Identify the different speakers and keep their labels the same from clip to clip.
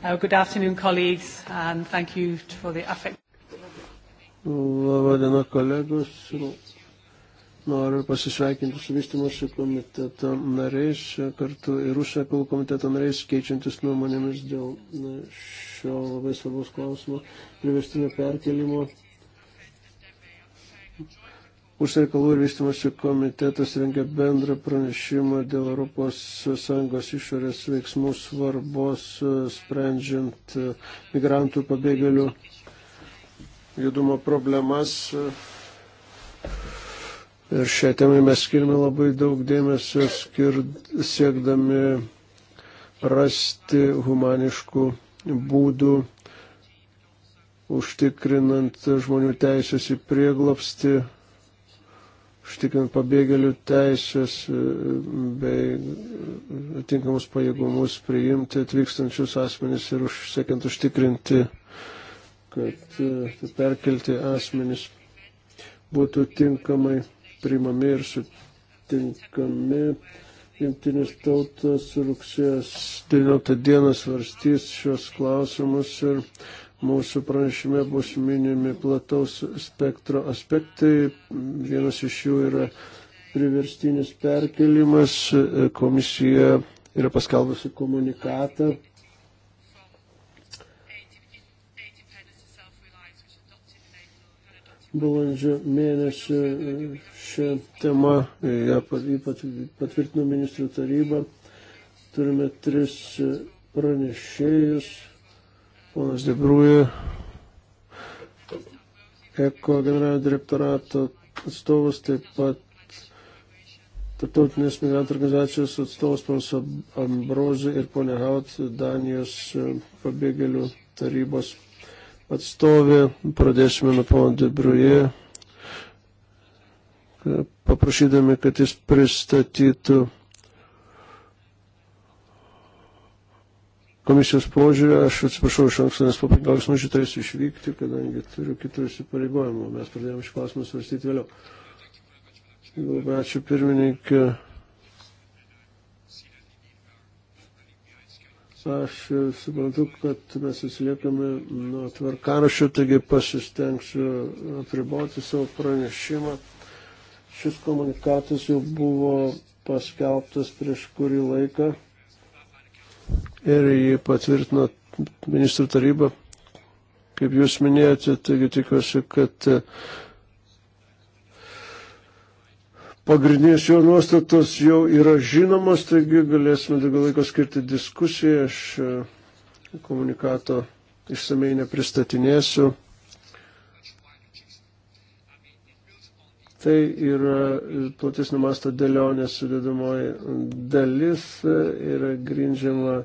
Speaker 1: Uh, good afternoon, colleagues, and thank you for the affect.
Speaker 2: Labadiena, kolegos. Noriu pasisveikinti su vystimosi komiteto nariais, kartu ir užsienio reikalų komiteto nariais, keičiantis nuomonėmis dėl šio labai svarbus klausimo priverstinio perkelimo Užsienio reikalų ir vystimosi komitetas rengia bendrą pranešimą dėl ES išorės veiksmų svarbos, e, sprendžiant e, migrantų pabėgėlių judumo problemas. E, ir šią temą mes skirime labai daug dėmesio, skir, siekdami rasti humaniškų būdų užtikrinant žmonių teisės į prieglopsti užtikrint pabėgėlių teisės e, bei atinkamus e, pajėgumus priimti atvykstančius asmenys ir už, siekiant užtikrinti, kad e, tai perkelti asmenys būtų tinkamai priimami ir sutinkami. Jungtinės tautos rugsėjo 19 dieną svarstys šios klausimus ir Mūsų pranešime bus minimi plataus spektro aspektai. Vienas iš jų yra priverstinis perkelimas. Komisija yra paskelbusi komunikatą balandžio mėnesį e, šią temą, e, ją patvirtino ministrų taryba. Turime tris e, pranešėjus Ponas Debruje, ECO generalinio direktorato atstovas, taip pat Tartautinės migrantų organizacijos atstovas ponas Ambrozė ir ponė Haut, Danijos e, pabėgėlių tarybos atstovė. Pradėsime nuo pono Debruje, e, paprašydami, kad jis pristatytų komisijos požiūrį. Aš atsiprašau iš anksto, nes po 15 minučių turėsiu išvykti, kadangi turiu kitų įsipareigojimų. Mes pradėjome šį klausimą svarstyti vėliau. Labai ačiū pirmininkė. Aš suprantu, kad mes atsiliekame nuo tvarkarašio, taigi pasistengsiu apriboti savo pranešimą. Šis komunikatas jau buvo paskelbtas prieš kurį laiką ir jį patvirtino ministrų taryba, kaip jūs minėjote, taigi tikiuosi, kad e, Pagrindinės jo nuostatos jau yra žinomos, taigi galėsime daugiau laiko skirti diskusijai. Aš e, komunikato išsamei nepristatinėsiu. Tai yra e, platesnio masto dėlionės sudėdamoji dalis, yra grindžiama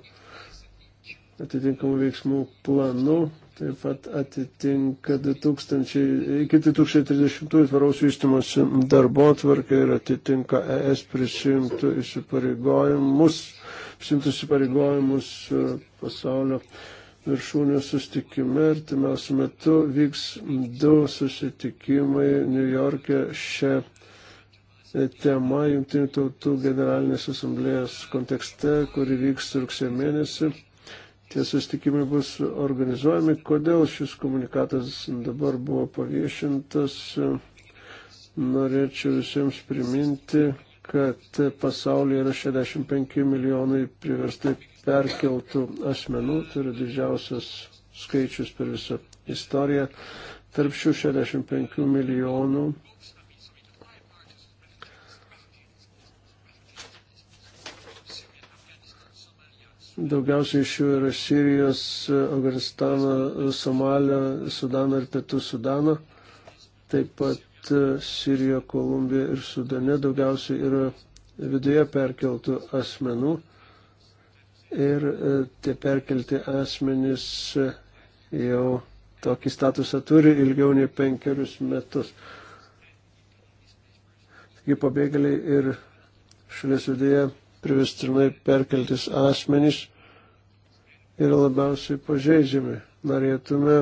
Speaker 2: atitinkamų veiksmų planu, taip pat atitinka 2000, iki 2030 tvaraus vystimosi darbo tvarka ir atitinka ES prisimtų įsipareigojimus, prisimtų įsipareigojimus e, pasaulio viršūnė susitikime. Artimiausiu metu vyks du susitikimai New York'e šią e, temą Junktinių tautų generalinės asamblėjos kontekste, kuri vyks rugsėjo mėnesį tie susitikimai bus organizuojami. Kodėl šis komunikatas dabar buvo paviešintas, norėčiau visiems priminti, kad pasaulyje yra 65 milijonai priverstai perkeltų asmenų, tai yra didžiausias skaičius per visą istoriją. Tarp šių 65 milijonų Daugiausiai iš jų yra Sirijos, Afganistano, Somalio, Sudano ir Pietų Sudano. Taip pat e, Sirija, Kolumbija ir Sudane daugiausiai yra viduje perkeltų asmenų. Ir e, tie perkelti asmenys e, jau tokį statusą turi ilgiau nei penkerius metus. Taigi pabėgėliai ir šalies viduje privestinai perkeltis asmenys yra labiausiai pažeidžiami. Norėtume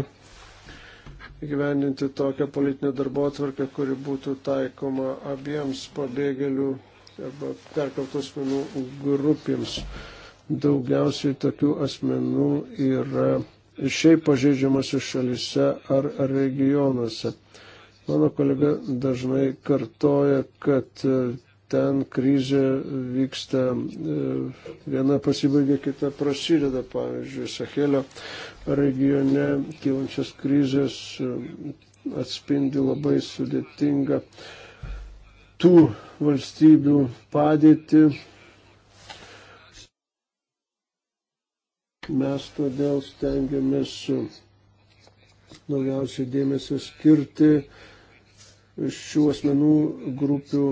Speaker 2: įgyvendinti tokią politinę darbo atvarkę, kuri būtų taikoma abiems pabėgėlių arba perkeltų asmenų grupėms. Daugiausiai tokių asmenų yra šiaip pažeidžiamose šalise ar regionuose. Mano kolega dažnai kartoja, kad ten krizė vyksta, e, viena pasibaigia, kita prasideda, pavyzdžiui, Sahelio regione kylančias krizės e, atspindi labai sudėtingą tų valstybių padėtį. Mes todėl stengiamės daugiausiai dėmesio skirti šių asmenų grupių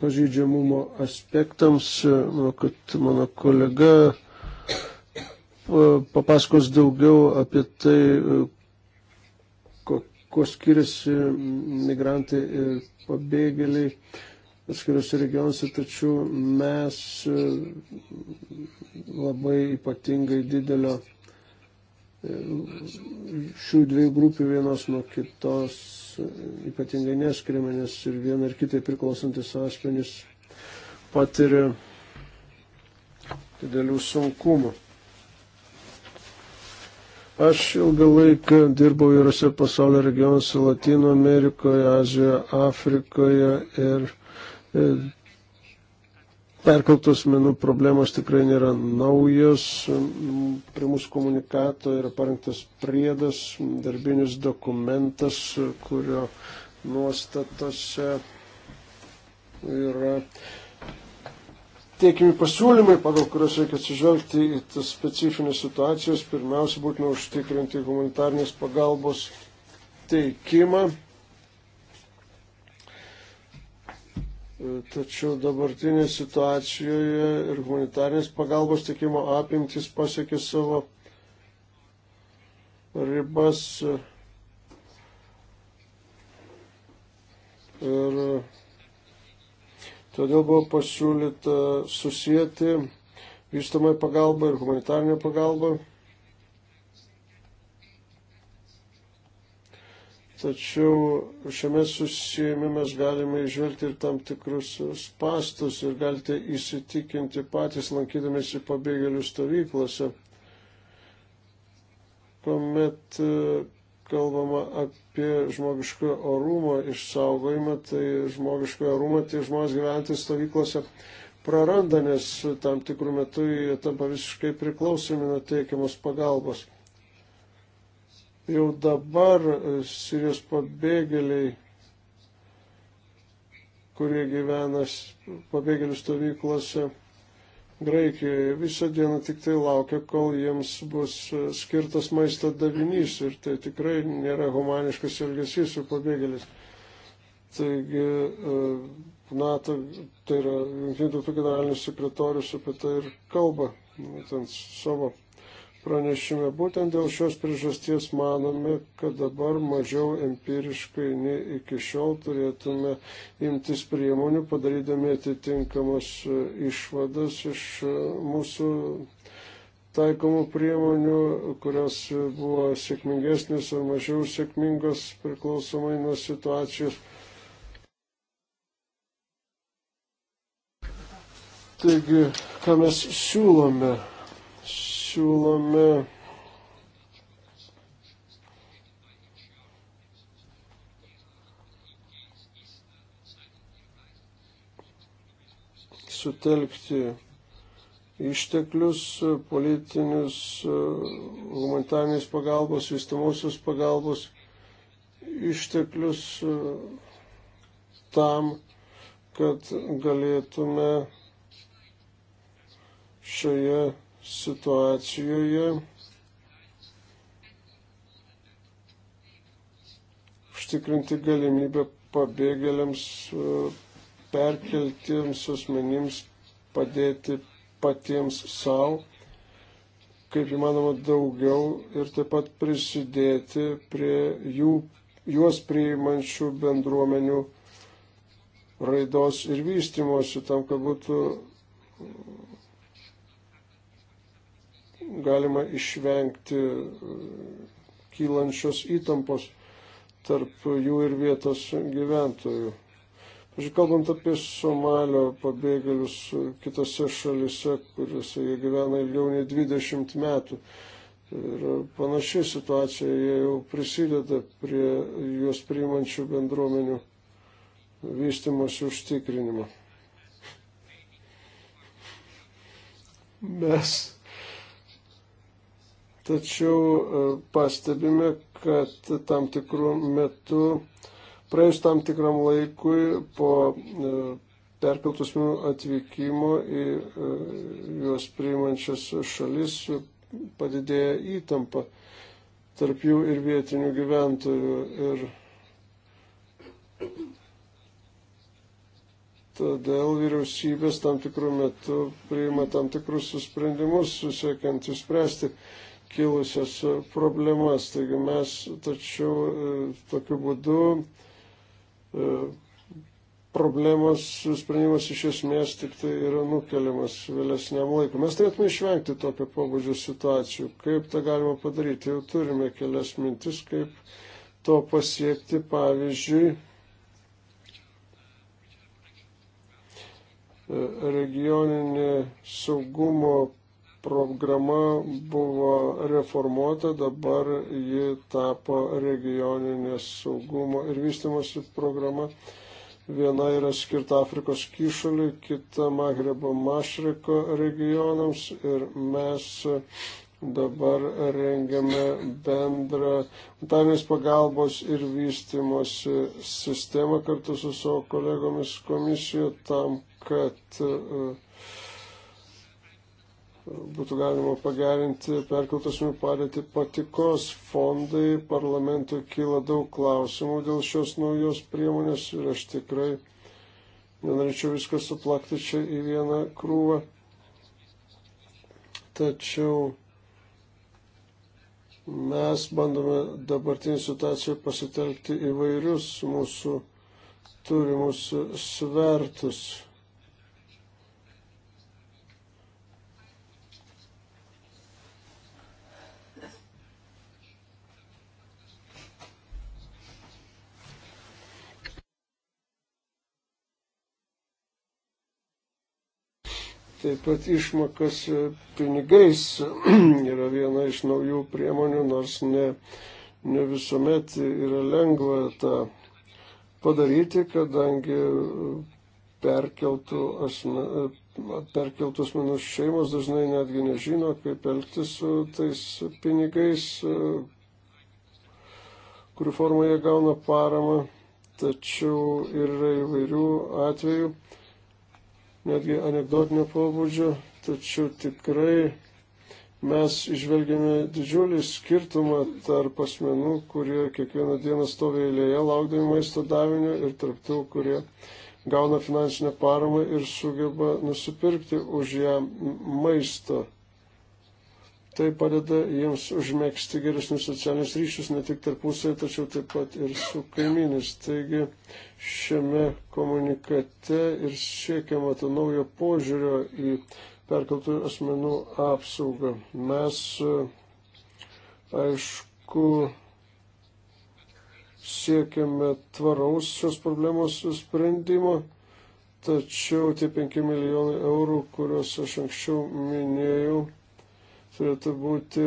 Speaker 2: pažeidžiamumo aspektams. E, manau, kad mano kolega e, papasakos daugiau apie tai, e, kuo skiriasi migrantai ir pabėgėliai atskiriuose regionuose, tačiau mes labai ypatingai didelio šių dviejų grupių vienos nuo kitos ypatingai neskiriama, nes ir viena ir kitai priklausantis asmenys patiria didelių sunkumų. Aš ilgą laiką dirbau įvairiose pasaulio regionuose, Latino Amerikoje, Azijoje, Afrikoje ir e, Perkeltos menų problemos tikrai nėra naujos. Prie mūsų komunikato yra parengtas priedas, darbinis dokumentas, kurio nuostatose yra teikiami pasiūlymai, pagal kurios reikia atsižvelgti į tas specifinės situacijas. Pirmiausia, būtina užtikrinti humanitarnės pagalbos teikimą E, tačiau dabartinėje situacijoje ir humanitarnės pagalbos tikimo apimtis pasiekė savo ribas ir todėl buvo pasiūlyta susijęti vystamai pagalbą ir humanitarnę pagalbą. Tačiau šiame susijėmime mes galime išvelgti ir tam tikrus spastus ir galite įsitikinti patys lankydamėsi pabėgėlių stovyklose, kuomet e, kalbama apie žmogiškojo orumo išsaugojimą, tai žmogiškojo orumo tie žmonės gyventys stovyklose praranda, nes tam tikrų metų jie tampa visiškai priklausomi nuo teikiamos pagalbos. Jau dabar e, Sirijos pabėgėliai, kurie gyvena pabėgėlių stovyklose Graikijoje, visą dieną tik tai laukia, kol jiems bus e, skirtas maisto davinys ir tai tikrai nėra humaniškas elgesys su pabėgėliais. Taigi e, NATO, tai yra Junktinių tautų generalinis sekretorius apie tai ir kalba, būtent savo pranešime. Būtent dėl šios priežasties manome, kad dabar mažiau empiriškai nei iki šiol turėtume imtis priemonių, padarydami atitinkamas e, išvadas iš e, mūsų taikomų priemonių, kurios buvo sėkmingesnės ar mažiau sėkmingos priklausomai nuo situacijos. Taigi, ką mes siūlome? siūlome sutelkti išteklius, politinius, humanitarnės pagalbos, vystamosios pagalbos išteklius tam, kad galėtume šioje situacijoje užtikrinti galimybę pabėgėliams e, perkeltiems asmenims padėti patiems savo, kaip įmanoma daugiau ir taip pat prisidėti prie jų, juos priimančių bendruomenių raidos ir vystimosi tam, kad būtų galima išvengti e, kylančios įtampos tarp jų ir vietos gyventojų. Pavyzdžiui, kalbant apie Somalio pabėgėlius e, kitose šalise, kuriuose jie gyvena ilgiau nei 20 metų. Ir panašiai situacija, jie jau prisideda prie juos priimančių bendruomenių vystimosi užtikrinimo. Mes Tačiau e, pastebime, kad tam tikrų metų, praėjus tam tikram laikui po e, perkeltų asmenų atvykimo į e, juos priimančias šalis padidėja įtampa tarp jų ir vietinių gyventojų. Ir Todėl vyriausybės tam tikrų metų priima tam tikrus sprendimus, susiekiant išspręsti uh, kilusias e, problemas. Taigi mes tačiau e, tokiu būdu e, problemos sprendimas iš esmės tik tai yra nukeliamas vėlesniam laikui. Mes turėtume išvengti tokio pobūdžio situacijų. Kaip tą galima padaryti? Jau turime kelias mintis, kaip to pasiekti. Pavyzdžiui, regioninė saugumo programa buvo reformuota, dabar ji tapo regioninės saugumo ir vystimosi programa. Viena yra skirta Afrikos kyšuliui, kita Magrebo Mašriko regionams ir mes dabar rengiame bendrą humanitarnės pagalbos ir vystimosi sistemą kartu su savo kolegomis komisijoje tam, kad uh, būtų galima pagerinti perkeltos jų padėtį patikos fondai. Parlamentui kyla daug klausimų dėl šios naujos priemonės ir aš tikrai nenorėčiau viską suplakti čia į vieną krūvą. Tačiau mes bandome dabartinį situaciją pasitelkti įvairius mūsų turimus svertus Taip pat išmokas e, pinigais yra viena iš naujų priemonių, nors ne, ne visuomet yra lengva tą padaryti, kadangi perkeltų, asme, e, perkeltų asmenų šeimos dažnai netgi nežino, kaip elgtis su tais pinigais, e, kurių formą jie gauna paramą, tačiau yra įvairių atvejų netgi anegdotinio pobūdžio, tačiau tikrai mes išvelgėme didžiulį skirtumą tarp asmenų, kurie kiekvieną dieną stovi eilėje laukdami maisto davinio ir tarp tų, kurie gauna finansinę paramą ir sugeba nusipirkti už ją maisto. Tai padeda jiems užmėgsti geresnius socialinius ryšius ne tik tarpusavį, tačiau taip pat ir su kaiminis. Taigi šiame komunikate ir siekiama to naujo požiūrio į perkeltų asmenų apsaugą. Mes, aišku, siekiame tvaraus šios problemos sprendimo, tačiau tie 5 milijonai eurų, kuriuos aš anksčiau minėjau, turėtų būti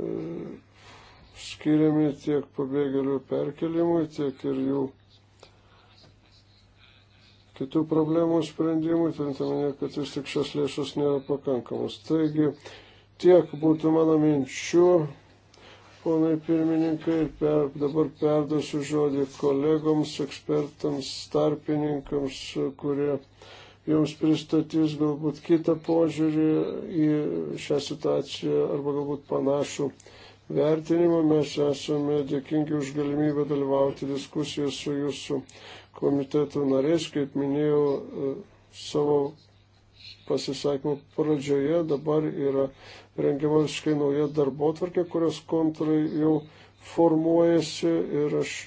Speaker 2: e, skiriami tiek pabėgėlių perkelimui, tiek ir jų kitų problemų sprendimui, turint omenyje, kad vis tik šios lėšos nėra pakankamos. Taigi, tiek būtų mano minčių, ponai pirmininkai, ir per, dabar perdosiu žodį kolegoms, ekspertams, tarpininkams, kurie jums pristatys galbūt kitą požiūrį į šią situaciją arba galbūt panašų vertinimą. Mes esame dėkingi už galimybę dalyvauti diskusiją su jūsų komiteto nariais. Kaip minėjau e, savo pasisakymo pradžioje, dabar yra rengiama visiškai nauja darbo tvarkė, kurios kontrai jau formuojasi ir aš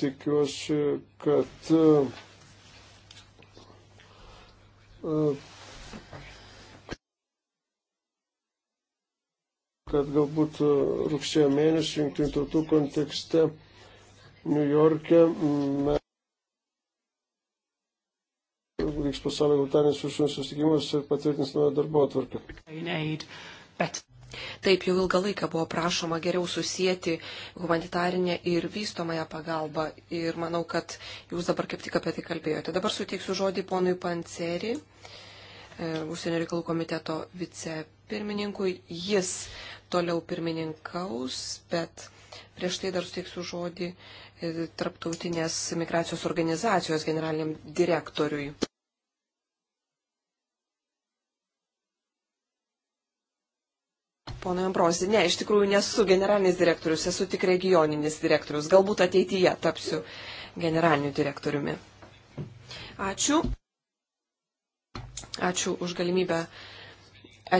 Speaker 2: tikiuosi, kad e, kad galbūt e, rugsėjo mėnesį jungtinių tautų kontekste New York'e vyks pasaulio humanitarinis viršūnės susitikimas ir patvirtins naują darbo atvarkę.
Speaker 1: Taip jau ilgą laiką buvo prašoma geriau susijęti humanitarinę ir vystomąją pagalbą ir manau, kad jūs dabar kaip tik apie tai kalbėjote. Dabar suteiksiu žodį ponui Panceri, e, užsienio reikalų komiteto vicepirmininkui. Jis toliau pirmininkaus, bet prieš tai dar suteiksiu žodį e, Tarptautinės migracijos organizacijos generaliniam direktoriui. Pono Ambrozi, ne, iš tikrųjų nesu generalinis direktorius, esu tik regioninis direktorius. Galbūt ateityje tapsiu generaliniu direktoriumi. Ačiū. Ačiū už galimybę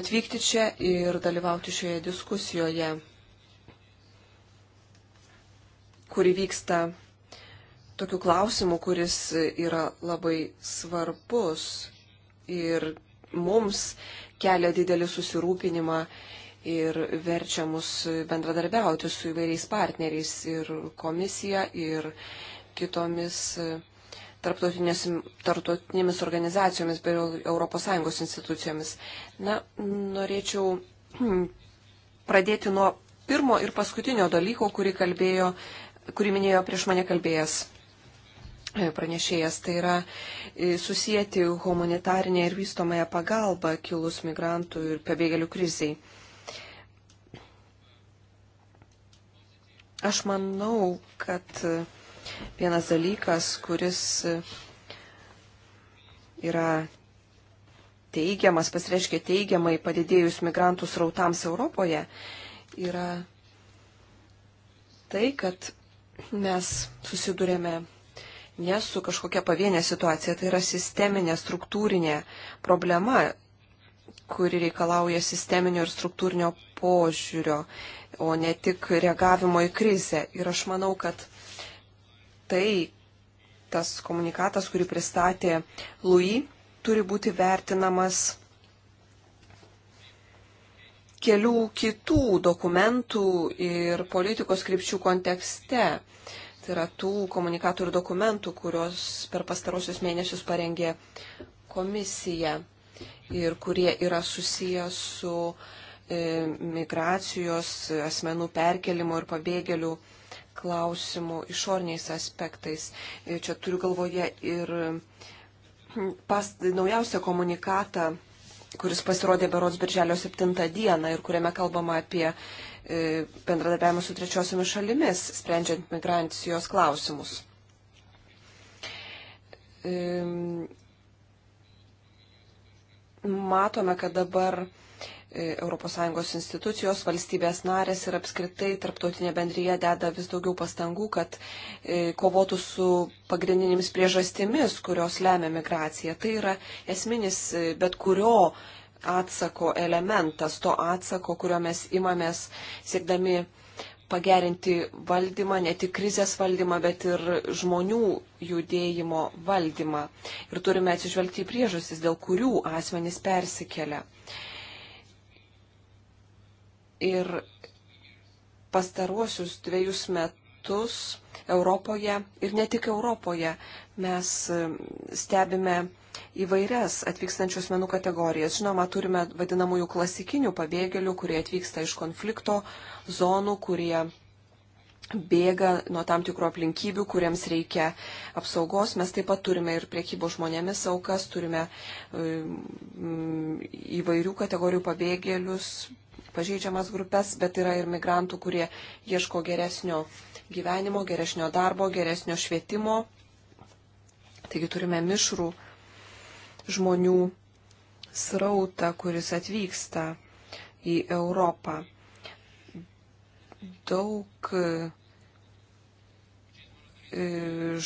Speaker 1: atvykti čia ir dalyvauti šioje diskusijoje, kuri vyksta tokiu klausimu, kuris yra labai svarbus ir mums kelia didelį susirūpinimą ir verčia mus bendradarbiauti su įvairiais partneriais ir komisija ir kitomis e, tarptautinėmis organizacijomis bei ES institucijomis. Na, norėčiau hmm, pradėti nuo pirmo ir paskutinio dalyko, kurį, kalbėjo, kurį minėjo prieš mane kalbėjęs e, pranešėjas, tai yra e, susijęti humanitarinę ir vystomąją pagalbą kilus migrantų ir pabėgėlių kriziai. Aš manau, kad vienas dalykas, kuris yra teigiamas, pasireiškia teigiamai padidėjus migrantų srautams Europoje, yra tai, kad mes susidurėme ne su kažkokia pavienė situacija, tai yra sisteminė, struktūrinė problema, kuri reikalauja sisteminio ir struktūrinio požiūrio o ne tik reagavimo į krizę. Ir aš manau, kad tai, tas komunikatas, kurį pristatė Lui, turi būti vertinamas kelių kitų dokumentų ir politikos krypčių kontekste. Tai yra tų komunikatų ir dokumentų, kuriuos per pastarosius mėnesius parengė komisija ir kurie yra susijęs su uh, E, migracijos, asmenų perkelimo ir pabėgėlių klausimų išorniais aspektais. Čia turiu galvoje ir pas, naujausią komunikatą, kuris pasirodė berods birželio 7 dieną ir kuriame kalbama apie e, bendradarbiavimą su trečiosiomis šalimis, sprendžiant migracijos klausimus. Matome, kad dabar ES institucijos, valstybės narės ir apskritai tarptautinė bendryje deda vis daugiau pastangų, kad e, kovotų su pagrindinėmis priežastimis, kurios lemia migraciją. Tai yra esminis e, bet kurio atsako elementas, to atsako, kurio mes imamės siekdami pagerinti valdymą, ne tik krizės valdymą, bet ir žmonių judėjimo valdymą. Ir turime atsižvelgti į priežastis, dėl kurių asmenys persikelia. Uh, Ir pastaruosius dviejus metus Europoje ir ne tik Europoje mes e, stebime įvairias atvykstančių asmenų kategorijas. Žinoma, turime vadinamųjų klasikinių pabėgėlių, kurie atvyksta iš konflikto zonų, kurie bėga nuo tam tikrų aplinkybių, kuriems reikia apsaugos. Mes taip pat turime ir priekybo žmonėmis aukas, turime e, įvairių kategorijų pabėgėlius, pažeidžiamas grupės, bet yra ir migrantų, kurie ieško geresnio gyvenimo, geresnio darbo, geresnio švietimo. Taigi turime mišrų žmonių srautą, kuris atvyksta į Europą. Daug e,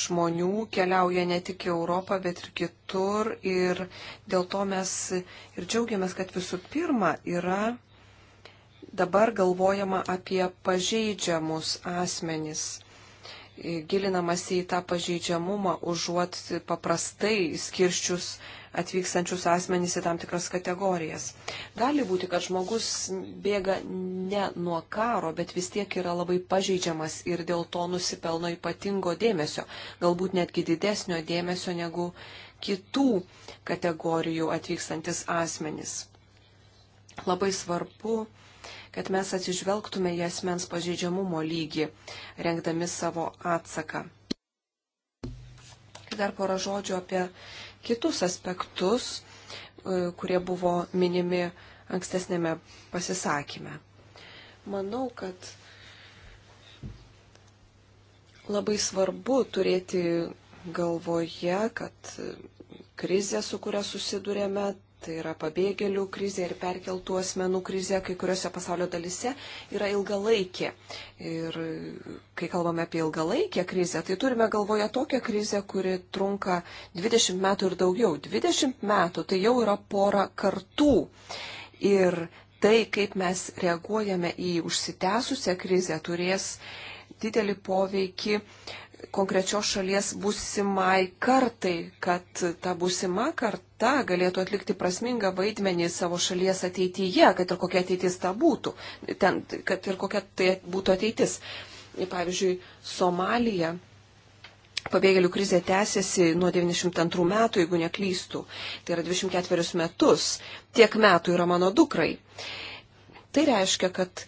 Speaker 1: žmonių keliauja ne tik į Europą, bet ir kitur. Ir dėl to mes ir džiaugiamės, kad visų pirma yra Dabar galvojama apie pažeidžiamus asmenis gilinamasi į tą pažeidžiamumą, užuot paprastai skirščius atvykstančius asmenys į tam tikras kategorijas. Gali būti, kad žmogus bėga ne nuo karo, bet vis tiek yra labai pažeidžiamas ir dėl to nusipelno ypatingo dėmesio, galbūt netgi didesnio dėmesio negu kitų kategorijų atvykstantis asmenys. Labai svarbu kad mes atsižvelgtume į asmens pažeidžiamumo lygį, rengdami savo atsaką. Dar porą žodžių apie kitus aspektus, e, kurie buvo minimi ankstesnėme pasisakyme. Manau, kad labai svarbu turėti galvoje, kad krizė, su kuria susidurėme, tai yra pabėgėlių krizė ir perkeltų asmenų krizė kai kuriuose pasaulio dalise, yra ilgalaikė. Ir kai kalbame apie ilgalaikę krizę, tai turime galvoje tokią krizę, kuri trunka 20 metų ir daugiau. 20 metų tai jau yra pora kartų. Ir tai, kaip mes reaguojame į užsitęsusią krizę, turės didelį poveikį konkrečios šalies būsimai kartai, kad ta būsima karta galėtų atlikti prasmingą vaidmenį savo šalies ateityje, kad ir kokia ateitis ta būtų, ten, kad ir kokia tai būtų ateitis. Pavyzdžiui, Somalija Pabėgėlių krizė tęsiasi nuo 92 metų, jeigu neklystų. Tai yra 24 metus. Tiek metų yra mano dukrai. Tai reiškia, kad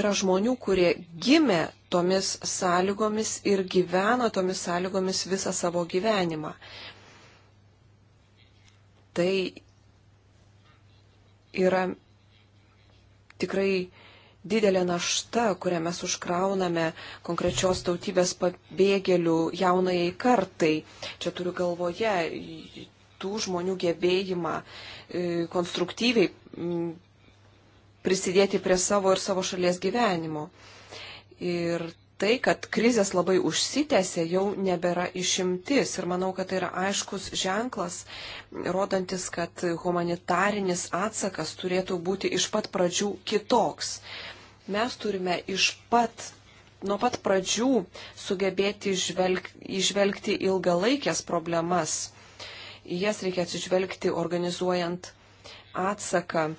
Speaker 1: yra žmonių, kurie gimė tomis sąlygomis ir gyveno tomis sąlygomis visą savo gyvenimą. Tai yra tikrai didelė našta, kurią mes užkrauname konkrečios tautybės pabėgėlių jaunajai kartai. Čia turiu galvoje tų žmonių gebėjimą e, konstruktyviai prisidėti prie savo ir savo šalies gyvenimo. Ir tai, kad krizės labai užsitęsė, jau nebėra išimtis. Ir manau, kad tai yra aiškus ženklas, rodantis, kad humanitarinis atsakas turėtų būti iš pat pradžių kitoks. Mes turime iš pat, nuo pat pradžių sugebėti žvelg, išvelgti ilgalaikės problemas. Į jas reikia atsižvelgti organizuojant atsaką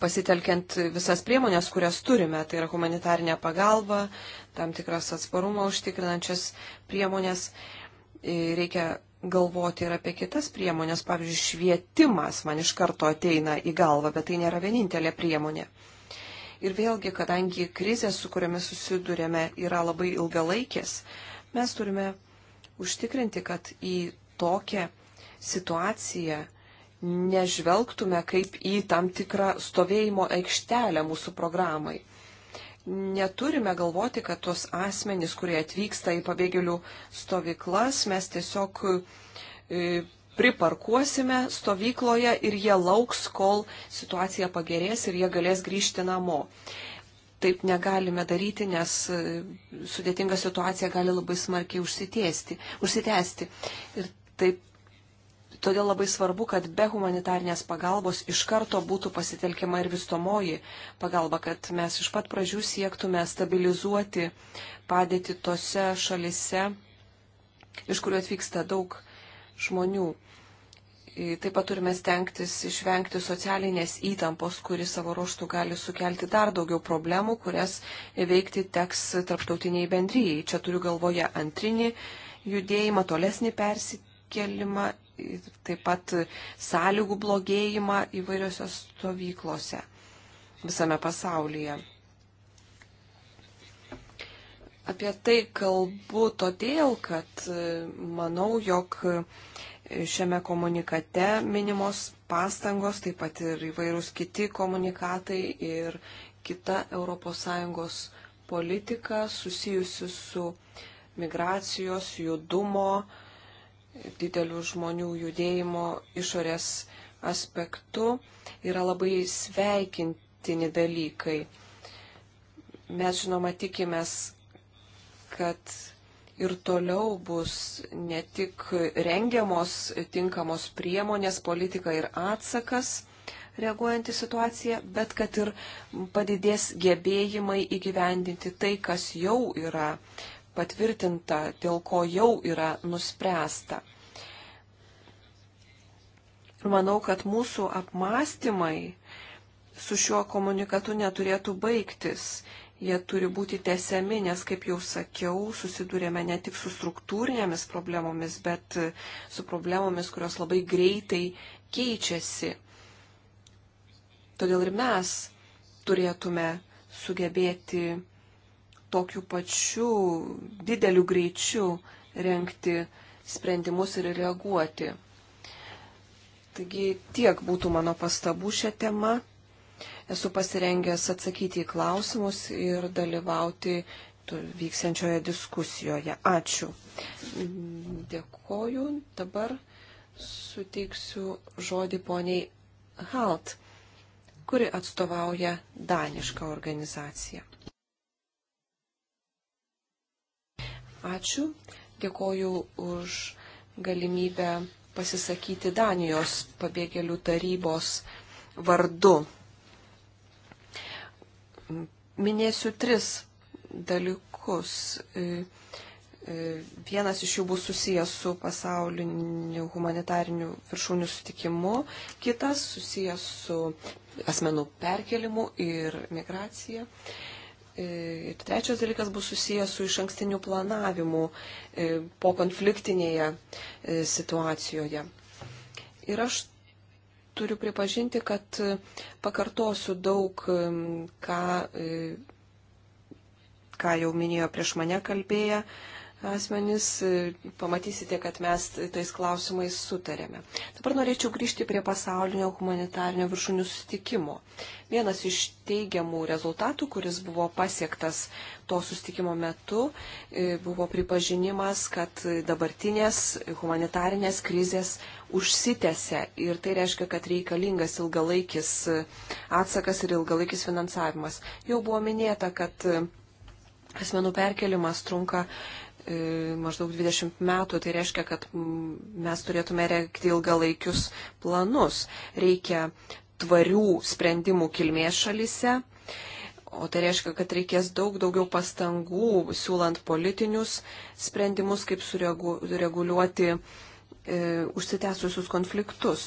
Speaker 1: pasitelkiant visas priemonės, kurias turime, tai yra humanitarinė pagalba, tam tikras atsparumą užtikrinančias priemonės, e, reikia galvoti ir apie kitas priemonės, pavyzdžiui, švietimas man iš karto ateina į galvą, bet tai nėra vienintelė priemonė. Ir vėlgi, kadangi krizės, su kuriamis susidurėme, yra labai ilgalaikės, mes turime užtikrinti, kad į tokią situaciją nežvelgtume kaip į tam tikrą stovėjimo aikštelę mūsų programai. Neturime galvoti, kad tos asmenys, kurie atvyksta į pabėgėlių stovyklas, mes tiesiog e, priparkuosime stovykloje ir jie lauks, kol situacija pagerės ir jie galės grįžti namo. Taip negalime daryti, nes e, sudėtinga situacija gali labai smarkiai užsitęsti. Ir taip Todėl labai svarbu, kad be humanitarnės pagalbos iš karto būtų pasitelkiama ir vistomoji pagalba, kad mes iš pat pradžių siektume stabilizuoti padėti tose šalise, iš kurių atvyksta daug žmonių. Taip pat turime stengtis išvengti socialinės įtampos, kuri savo ruoštų gali sukelti dar daugiau problemų, kurias veikti teks tarptautiniai bendryjai. Čia turiu galvoje antrinį judėjimą, tolesnį persikėlimą taip pat sąlygų blogėjimą įvairiose stovyklose visame pasaulyje. Apie tai kalbu todėl, kad manau, jog šiame komunikate minimos pastangos, taip pat ir įvairūs kiti komunikatai ir kita ES politika susijusi su migracijos, judumo, didelių žmonių judėjimo išorės aspektu yra labai sveikintini dalykai. Mes žinoma tikimės, kad ir toliau bus ne tik rengiamos tinkamos priemonės, politika ir atsakas reaguojant į situaciją, bet kad ir padidės gebėjimai įgyvendinti tai, kas jau yra patvirtinta, dėl ko jau yra nuspręsta. Ir manau, kad mūsų apmąstymai su šiuo komunikatu neturėtų baigtis. Jie turi būti tesiami, nes, kaip jau sakiau, susidūrėme ne tik su struktūrinėmis problemomis, bet su problemomis, kurios labai greitai keičiasi. Todėl ir mes turėtume sugebėti tokiu pačiu dideliu greičiu renkti sprendimus ir reaguoti. Taigi tiek būtų mano pastabų šią temą. Esu pasirengęs atsakyti į klausimus ir dalyvauti vyksiančioje diskusijoje. Ačiū. Dėkoju. Dabar suteiksiu žodį poniai Halt, kuri atstovauja danišką organizaciją. Ačiū. Dėkoju už galimybę pasisakyti Danijos pabėgėlių tarybos vardu. Minėsiu tris dalykus. E, e, vienas iš jų bus susijęs su pasauliniu humanitariniu viršūnių sutikimu, kitas susijęs su asmenų perkelimu ir migracija. E, ir trečias dalykas bus susijęs su iš ankstiniu planavimu e, po konfliktinėje e, situacijoje. Ir aš turiu pripažinti, kad pakartosiu daug, ką, ką jau minėjo prieš mane kalbėję asmenys, e, pamatysite, kad mes tais klausimais sutarėme. Dabar norėčiau grįžti prie pasaulinio humanitarnio viršūnių sustikimo. Vienas iš teigiamų rezultatų, kuris buvo pasiektas to sustikimo metu, e, buvo pripažinimas, kad dabartinės humanitarinės krizės užsitęsia ir tai reiškia, kad reikalingas ilgalaikis atsakas ir ilgalaikis finansavimas. Jau buvo minėta, kad asmenų perkelimas trunka E, maždaug 20 metų, tai reiškia, kad mes turėtume reikti ilgalaikius planus. Reikia tvarių sprendimų kilmės šalise, o tai reiškia, kad reikės daug daugiau pastangų siūlant politinius sprendimus, kaip sureguliuoti. Suregu, e, užsitęsusius konfliktus.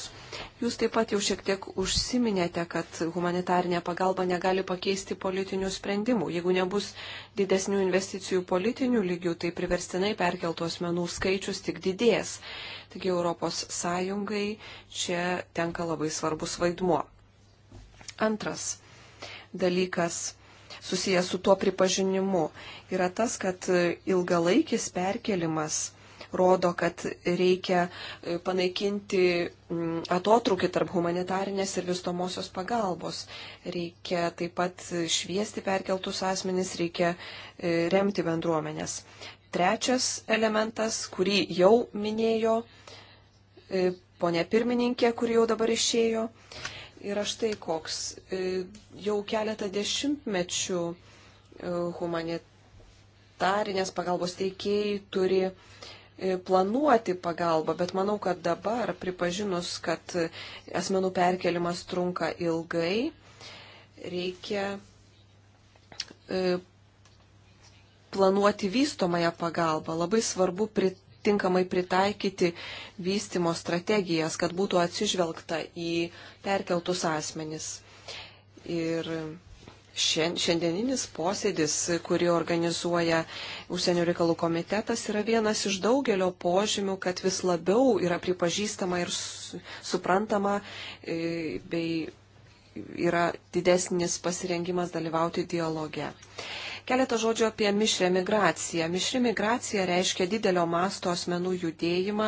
Speaker 1: Jūs taip pat jau šiek tiek užsiminėte, kad humanitarinė pagalba negali pakeisti politinių sprendimų. Jeigu nebus didesnių investicijų politinių lygių, tai priverstinai perkeltų asmenų skaičius tik didės. Taigi ES čia tenka labai svarbus vaidmuo. Antras dalykas susijęs su tuo pripažinimu yra tas, kad ilgalaikis perkelimas rodo, kad reikia e, panaikinti atotrukį tarp humanitarinės ir vystomosios pagalbos. Reikia taip pat šviesti perkeltus asmenys, reikia e, remti bendruomenės. Trečias elementas, kurį jau minėjo e, ponė pirmininkė, kuri jau dabar išėjo, yra štai koks. Jau keletą dešimtmečių humanitarinės pagalbos teikėjai turi E, planuoti pagalbą, bet manau, kad dabar, pripažinus, kad asmenų perkelimas trunka ilgai, reikia e, planuoti vystomąją pagalbą. Labai svarbu prit, tinkamai pritaikyti vystimo strategijas, kad būtų atsižvelgta į perkeltus asmenis. Ir Šiandieninis posėdis, kurį organizuoja Užsienio reikalų komitetas, yra vienas iš daugelio požymių, kad vis labiau yra pripažįstama ir suprantama e, bei yra didesnis pasirengimas dalyvauti dialoge. Keletą žodžių apie mišrę migraciją. Mišri migracija reiškia didelio masto asmenų judėjimą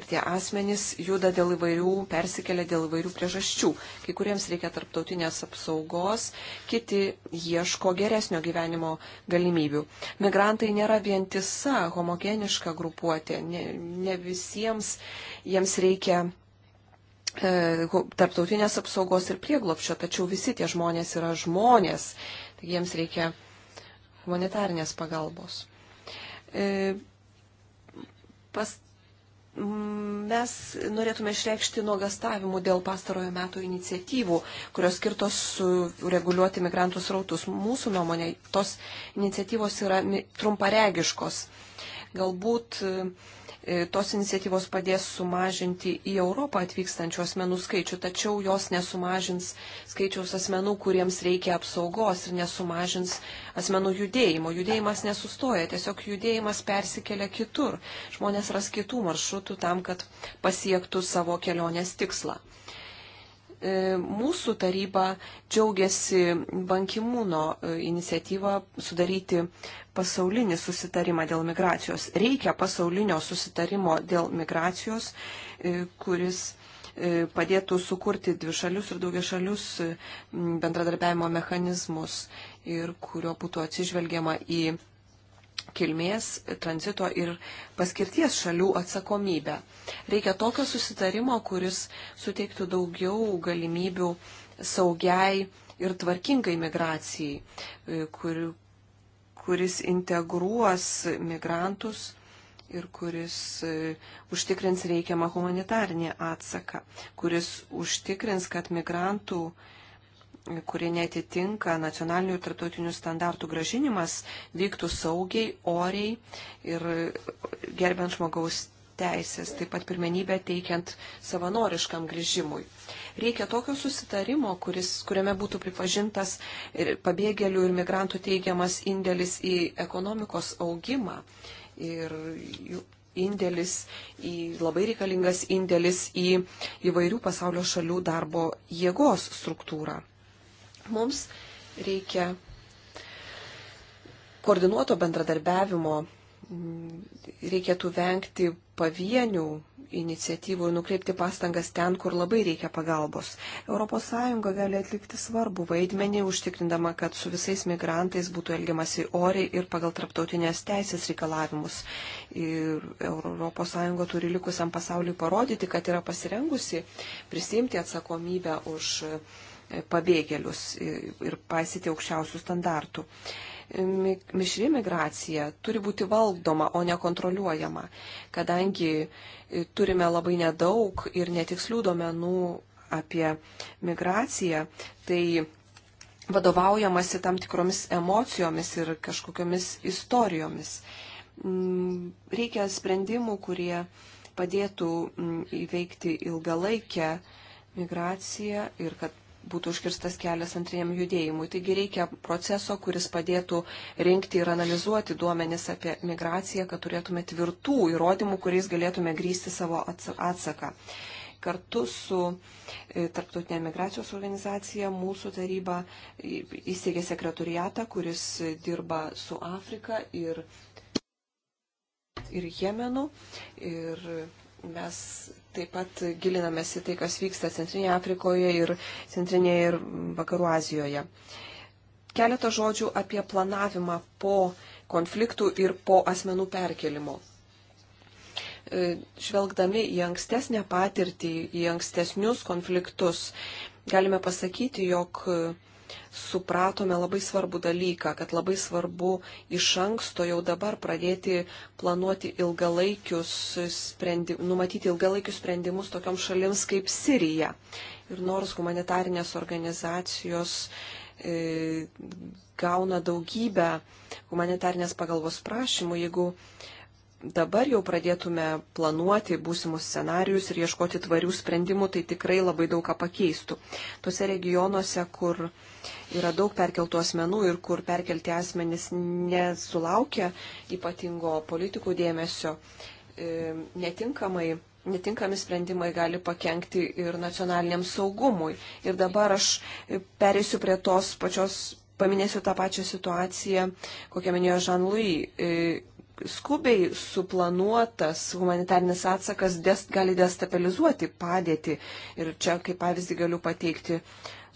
Speaker 1: ir tie asmenys juda dėl įvairių, persikelia dėl įvairių priežasčių. Kai kuriems reikia tarptautinės apsaugos, kiti ieško geresnio gyvenimo galimybių. Migrantai nėra vientisa, homogeniška grupuotė. Ne, ne visiems jiems reikia e, tarptautinės apsaugos ir prieglopščio, tačiau visi tie žmonės yra žmonės, taigi jiems reikia humanitarnės pagalbos. E, pas, mes norėtume išreikšti nuogastavimų dėl pastarojo metų iniciatyvų, kurios skirtos reguliuoti migrantų srautus. Mūsų nuomonė, tos iniciatyvos yra trumparegiškos. Galbūt uh, E, tos iniciatyvos padės sumažinti į Europą atvykstančių asmenų skaičių, tačiau jos nesumažins skaičiaus asmenų, kuriems reikia apsaugos ir nesumažins asmenų judėjimo. Judėjimas nesustoja, tiesiog judėjimas persikelia kitur. Žmonės ras kitų maršrutų tam, kad pasiektų savo kelionės tikslą. E, mūsų taryba džiaugiasi Bankimūno e, iniciatyvą sudaryti pasaulinį susitarimą dėl migracijos. Reikia pasaulinio susitarimo dėl migracijos, e, kuris padėtų sukurti dvišalius ir daugiašalius bendradarbiavimo mechanizmus ir kurio būtų atsižvelgiama į kilmės, tranzito ir paskirties šalių atsakomybę. Reikia tokio susitarimo, kuris suteiktų daugiau galimybių saugiai ir tvarkingai migracijai, e, kur, kuris integruos migrantus ir kuris e, užtikrins reikiamą humanitarnį atsaką, kuris užtikrins, kad migrantų uh, kuri netitinka nacionalinių ir tarptautinių standartų gražinimas vyktų saugiai, oriai ir gerbent žmogaus teisės, taip pat pirmenybę teikiant savanoriškam grįžimui. Reikia tokio susitarimo, kuris, kuriame būtų pripažintas ir pabėgėlių ir migrantų teigiamas indėlis į ekonomikos augimą ir jų indėlis į labai reikalingas indėlis į įvairių pasaulio šalių darbo jėgos struktūrą. Mums reikia koordinuoto bendradarbiavimo, reikėtų vengti pavienių iniciatyvų ir nukreipti pastangas ten, kur labai reikia pagalbos. ES gali atlikti svarbų vaidmenį, užtikrindama, kad su visais migrantais būtų elgiamasi oriai ir pagal traptautinės teisės reikalavimus. Ir ES turi likusiam pasauliu parodyti, kad yra pasirengusi prisimti atsakomybę už pabėgėlius ir paisyti aukščiausių standartų. Mišri migracija turi būti valdoma, o ne kontroliuojama, kadangi e, turime labai nedaug ir netikslių duomenų apie migraciją, tai vadovaujamasi tam tikromis emocijomis ir kažkokiamis istorijomis. Mm, reikia sprendimų, kurie padėtų mm, įveikti ilgalaikę migraciją ir kad būtų užkirstas kelias antriniam judėjimui. Taigi reikia proceso, kuris padėtų rinkti ir analizuoti duomenis apie migraciją, kad turėtume tvirtų įrodymų, kuriais galėtume grįsti savo atsaką. Kartu su e, Tarptautinė migracijos organizacija mūsų taryba įsteigė sekretoriatą, kuris dirba su Afrika ir, ir Jemenu. Ir Mes taip pat gilinamės į tai, kas vyksta Centrinėje Afrikoje ir Centrinėje ir Vakarų Azijoje. Keletą žodžių apie planavimą po konfliktų ir po asmenų perkelimo. E, žvelgdami į ankstesnę patirtį, į ankstesnius konfliktus, galime pasakyti, jog supratome labai svarbų dalyką, kad labai svarbu iš anksto jau dabar pradėti planuoti ilgalaikius sprendimus, numatyti ilgalaikius sprendimus tokiom šalims kaip Sirija. Ir nors humanitarinės organizacijos e, gauna daugybę humanitarnės pagalbos prašymų, jeigu dabar jau pradėtume planuoti būsimus scenarius ir ieškoti tvarių sprendimų, tai tikrai labai daug ką pakeistų. Tuose regionuose, kur yra daug perkeltų asmenų ir kur perkelti asmenys nesulaukia ypatingo politikų dėmesio, e, netinkamai netinkami sprendimai gali pakengti ir nacionaliniam saugumui. Ir dabar aš perėsiu prie tos pačios, paminėsiu tą pačią situaciją, kokią minėjo Žanlui, e, skubiai suplanuotas humanitarnis atsakas des, gali destabilizuoti padėtį. Ir čia kaip pavyzdį galiu pateikti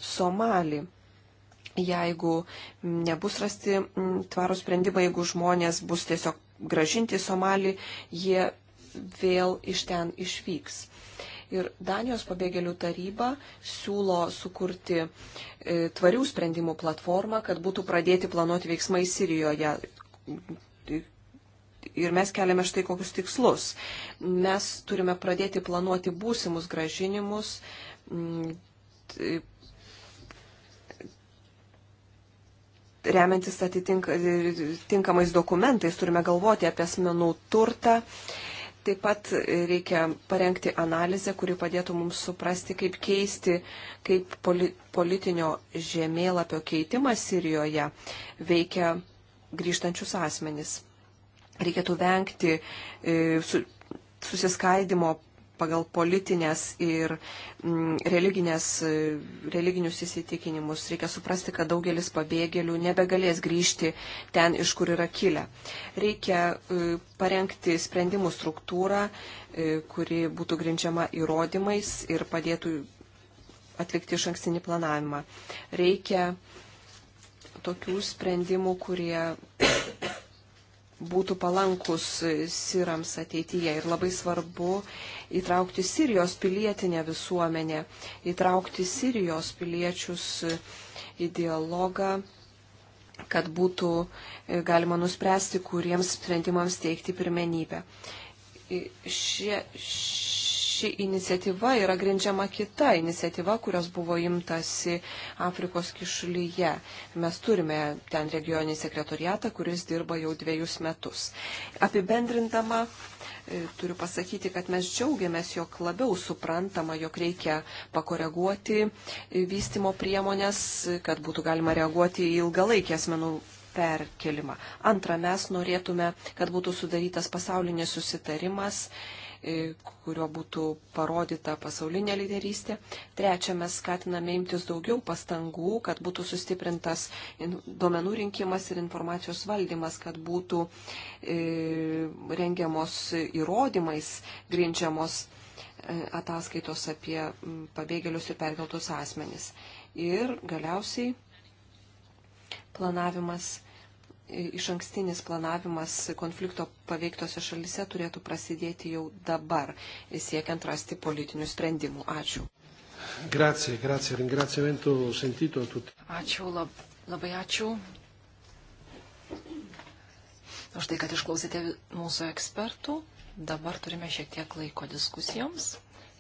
Speaker 1: Somalį. Jeigu nebus rasti tvarų sprendimai, jeigu žmonės bus tiesiog gražinti į Somalį, jie vėl iš ten išvyks. Ir Danijos pabėgėlių taryba siūlo sukurti e, tvarių sprendimų platformą, kad būtų pradėti planuoti veiksmai Sirijoje ir mes keliame štai kokius tikslus. Mes turime pradėti planuoti būsimus gražinimus. Mm, remiantis atitinkamais dokumentais turime galvoti apie asmenų turtą. Taip pat reikia parengti analizę, kuri padėtų mums suprasti, kaip keisti, kaip politinio žemėlapio keitimas Sirijoje veikia grįžtančius asmenis. Reikėtų vengti e, susiskaidimo pagal politinės ir mm, religinės, e, religinius įsitikinimus. Reikia suprasti, kad daugelis pabėgėlių nebegalės grįžti ten, iš kur yra kilę. Reikia e, parengti sprendimų struktūrą, kuri būtų grindžiama įrodymais ir padėtų atlikti iš ankstinį planavimą. Reikia tokių sprendimų, kurie būtų palankus sirams ateityje. Ir labai svarbu įtraukti Sirijos pilietinę visuomenę, įtraukti Sirijos piliečius į dialogą, kad būtų galima nuspręsti, kuriems sprendimams teikti pirmenybę. Šie, šie ši iniciatyva yra grindžiama kita iniciatyva, kurios buvo imtasi Afrikos kišulyje. Mes turime ten regioninį sekretoriatą, kuris dirba jau dviejus metus. Apibendrindama, e, turiu pasakyti, kad mes džiaugiamės, jog labiau suprantama, jog reikia pakoreguoti e, vystimo priemonės, kad būtų galima reaguoti į ilgalaikį asmenų perkelimą. Antra, mes norėtume, kad būtų sudarytas pasaulinis susitarimas E, kurio būtų parodyta pasaulinė lyderystė. Trečia, mes skatiname imtis daugiau pastangų, kad būtų sustiprintas duomenų rinkimas ir informacijos valdymas, kad būtų e, rengiamos įrodymais grindžiamos e, ataskaitos apie pabėgėlius ir perkeltus asmenis. Ir galiausiai planavimas iš ankstinis planavimas konflikto paveiktose šalise turėtų prasidėti jau dabar, siekiant rasti politinių sprendimų. Ačiū.
Speaker 2: Grazie, grazie, ringraziamento sentito a tutti.
Speaker 1: Ačiū, lab, labai ačiū.
Speaker 3: Už tai, kad išklausėte mūsų ekspertų, dabar turime šiek tiek laiko diskusijoms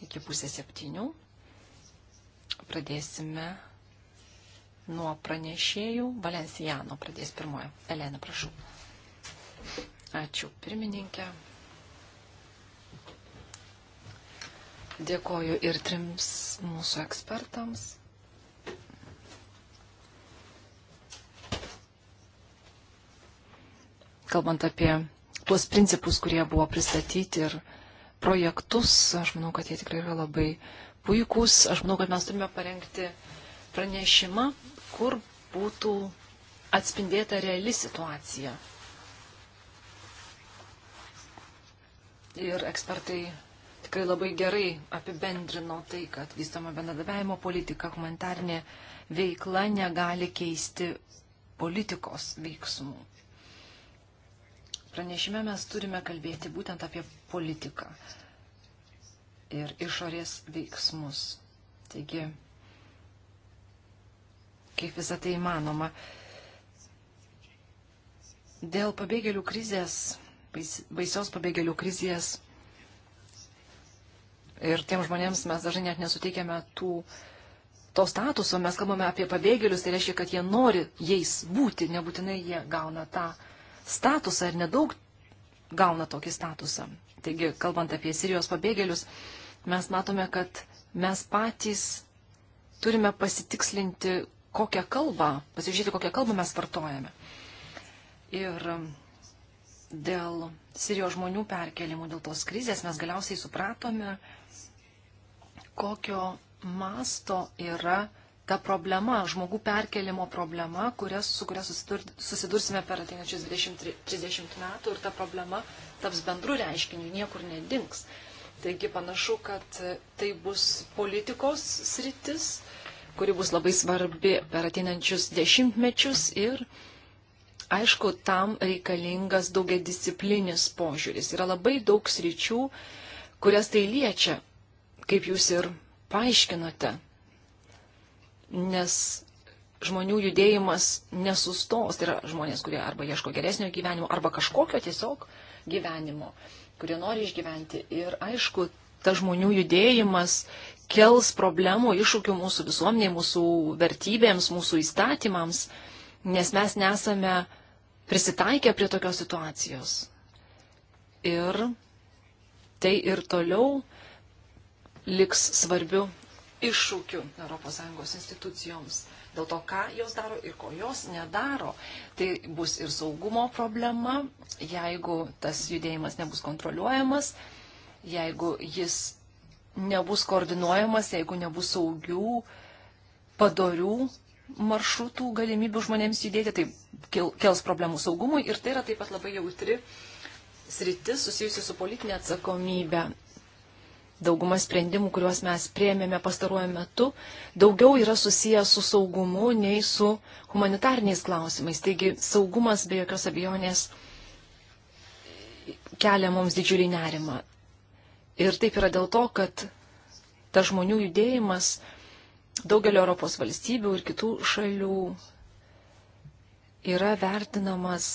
Speaker 3: iki pusės septynių. Pradėsime nuo pranešėjų. Valencijano pradės pirmojo. Elena, prašau. Ačiū, pirmininkė. Dėkoju ir trims mūsų ekspertams. Kalbant apie tuos principus, kurie buvo pristatyti ir projektus, aš manau, kad jie tikrai yra labai puikūs. Aš manau, kad mes turime parengti pranešimą kur būtų atspindėta reali situacija. Ir ekspertai tikrai labai gerai apibendrino tai, kad vystoma bendradarbiavimo politika, humanitarinė veikla negali keisti politikos veiksmų. Pranešime mes turime kalbėti būtent apie politiką ir išorės veiksmus. Taigi, kaip visą tai įmanoma. Dėl pabėgėlių krizės, baisios pabėgėlių krizės ir tiem žmonėms mes dažnai net nesuteikėme tų to statuso, mes kalbame apie pabėgėlius, tai reiškia, kad jie nori jais būti, nebūtinai jie gauna tą statusą ir nedaug gauna tokį statusą. Taigi, kalbant apie Sirijos pabėgėlius, mes matome, kad mes patys turime pasitikslinti, kokią kalbą, pasižiūrėti, kokią kalbą mes vartojame. Ir dėl Sirijos žmonių perkelimų, dėl tos krizės mes galiausiai supratome, kokio masto yra ta problema, žmogų perkelimo problema, kurias, su kuria susidursime per ateinančius 20-30 metų ir ta problema taps bendru reiškiniu, niekur nedings. Taigi panašu, kad tai bus politikos sritis, uh, kuri bus labai svarbi per ateinančius dešimtmečius ir Aišku, tam reikalingas daugia disciplinis požiūris. Yra labai daug sričių, kurias tai liečia, kaip jūs ir paaiškinote. Nes žmonių judėjimas nesustos. Tai yra žmonės, kurie arba ieško geresnio gyvenimo, arba kažkokio tiesiog gyvenimo, kurie nori išgyventi. Ir aišku, tas žmonių judėjimas kels problemų, iššūkių mūsų visuomeniai, mūsų vertybėms, mūsų įstatymams, nes mes nesame prisitaikę prie tokios situacijos. Ir tai ir toliau liks svarbiu iššūkiu ES institucijoms. Dėl to, ką jos daro ir ko jos nedaro, tai bus ir saugumo problema, jeigu tas judėjimas nebus kontroliuojamas, jeigu jis nebus koordinuojamas, jeigu nebus saugių, padorių maršrutų galimybių žmonėms judėti, tai kels problemų saugumui ir tai yra taip pat labai jautri sritis susijusi su politinė atsakomybė. Dauguma sprendimų, kuriuos mes prieėmėme pastaruoju metu, daugiau yra susijęs su saugumu nei su humanitarniais klausimais. Taigi saugumas be jokios abejonės kelia mums didžiulį nerimą. Ir taip yra dėl to, kad ta žmonių judėjimas daugelio Europos valstybių ir kitų šalių yra vertinamas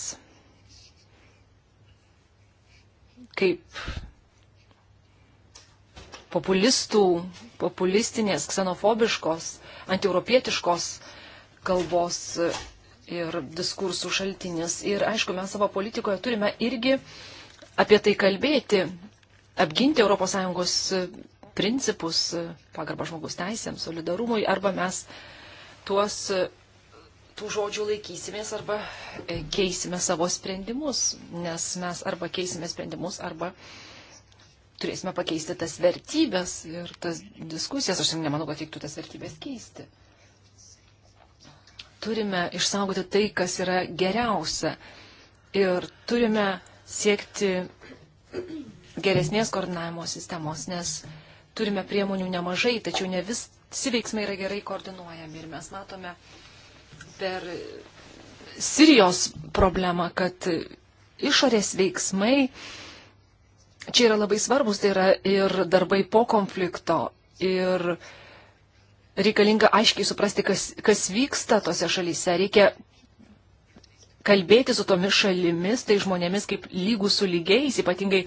Speaker 3: kaip populistų, populistinės, ksenofobiškos, antieuropietiškos kalbos ir diskursų šaltinis. Ir aišku, mes savo politikoje turime irgi apie tai kalbėti, apginti ES principus, e, pagarbą žmogus teisėms, solidarumui, arba mes tuos e, tų žodžių laikysimės arba e, keisime savo sprendimus, nes mes arba keisime sprendimus, arba turėsime pakeisti tas vertybės ir tas diskusijas. Aš nemanau, kad reiktų tas vertybės keisti. Turime išsaugoti tai, kas yra geriausia ir turime siekti geresnės koordinavimo sistemos, nes turime priemonių nemažai, tačiau ne visi veiksmai yra gerai koordinuojami. Ir mes matome per Sirijos problemą, kad išorės veiksmai čia yra labai svarbus, tai yra ir darbai po konflikto, ir reikalinga aiškiai suprasti, kas, kas vyksta tose šalyse. Reikia kalbėti su tomis šalimis, tai žmonėmis kaip lygų su lygiais, ypatingai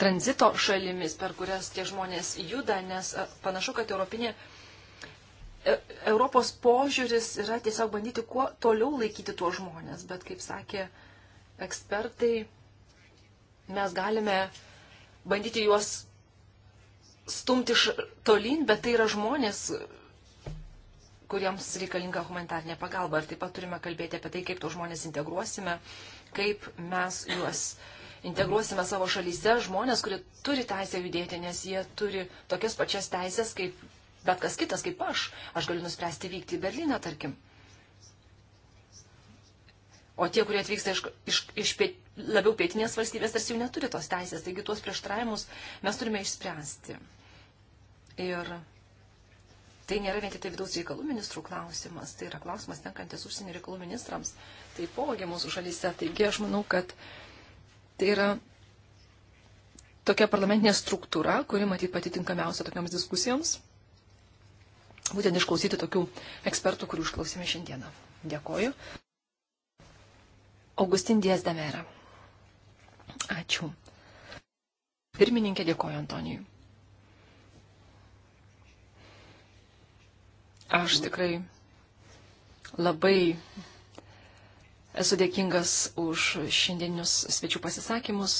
Speaker 3: tranzito šalimis, per kurias tie žmonės juda, nes e, panašu, kad Europinė, e, Europos požiūris yra tiesiog bandyti kuo toliau laikyti tuos žmonės, bet kaip sakė ekspertai, mes galime bandyti juos stumti š... tolyn, bet tai yra žmonės, kuriems reikalinga humanitarnė pagalba. Ir taip pat turime kalbėti apie tai, kaip tos žmonės integruosime, kaip mes juos integruosime savo šalyse, žmonės, kurie turi teisę judėti, nes jie turi tokias pačias teisės kaip bet kas kitas, kaip aš. Aš galiu nuspręsti vykti į Berliną, tarkim. O tie, kurie atvyksta iš, iš, iš piet, labiau pietinės valstybės, tarsi jau neturi tos teisės. Taigi tuos prieštravimus mes turime išspręsti. Ir tai nėra vien tik tai vidaus reikalų ministrų klausimas, tai yra klausimas tenkantis užsienio reikalų ministrams, taipogi mūsų šalyse. Taigi aš manau, kad tai yra tokia parlamentinė struktūra, kuri matyt pati tinkamiausia tokiams diskusijoms. Būtent išklausyti tokių ekspertų, kurių išklausėme šiandieną. Dėkoju. Augustin Dies Damera. Ačiū. Pirmininkė dėkoju Antonijui. Aš tikrai labai esu dėkingas už šiandieninius svečių pasisakymus.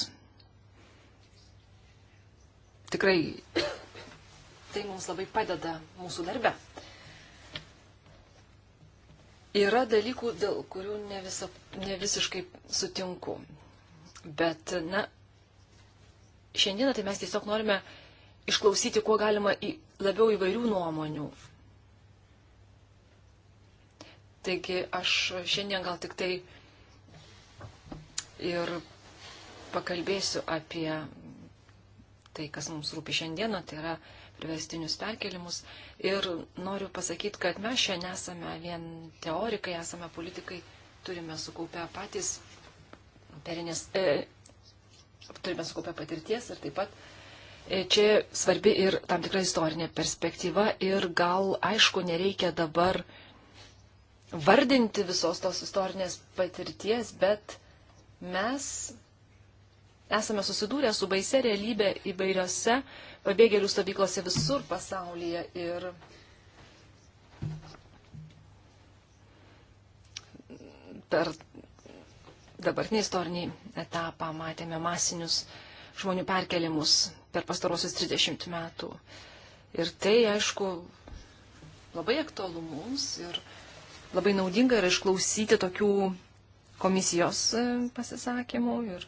Speaker 3: Tikrai tai mums labai padeda mūsų darbe. Yra dalykų, dėl kurių ne, visa, ne visiškai sutinku. Bet, na, šiandieną tai mes tiesiog norime išklausyti, kuo galima į, labiau įvairių nuomonių, Taigi aš šiandien gal tik tai ir pakalbėsiu apie tai, kas mums rūpi šiandieną, tai yra privestinius perkelimus. Ir noriu pasakyti, kad mes šiandien esame vien teorikai, esame politikai, turime sukaupę patys perinės, e, turime sukaupę patirties ir taip pat e, čia svarbi ir tam tikra istorinė perspektyva ir gal aišku nereikia dabar e, vardinti visos tos istorinės patirties, bet mes esame susidūrę su baise realybė įvairiose pabėgėlių stovyklose visur pasaulyje. Ir per dabartinį istorinį etapą matėme masinius žmonių perkelimus per pastarosius 30 metų. Ir tai, aišku, labai aktualu mums ir labai naudinga yra išklausyti tokių komisijos e, pasisakymų. Ir,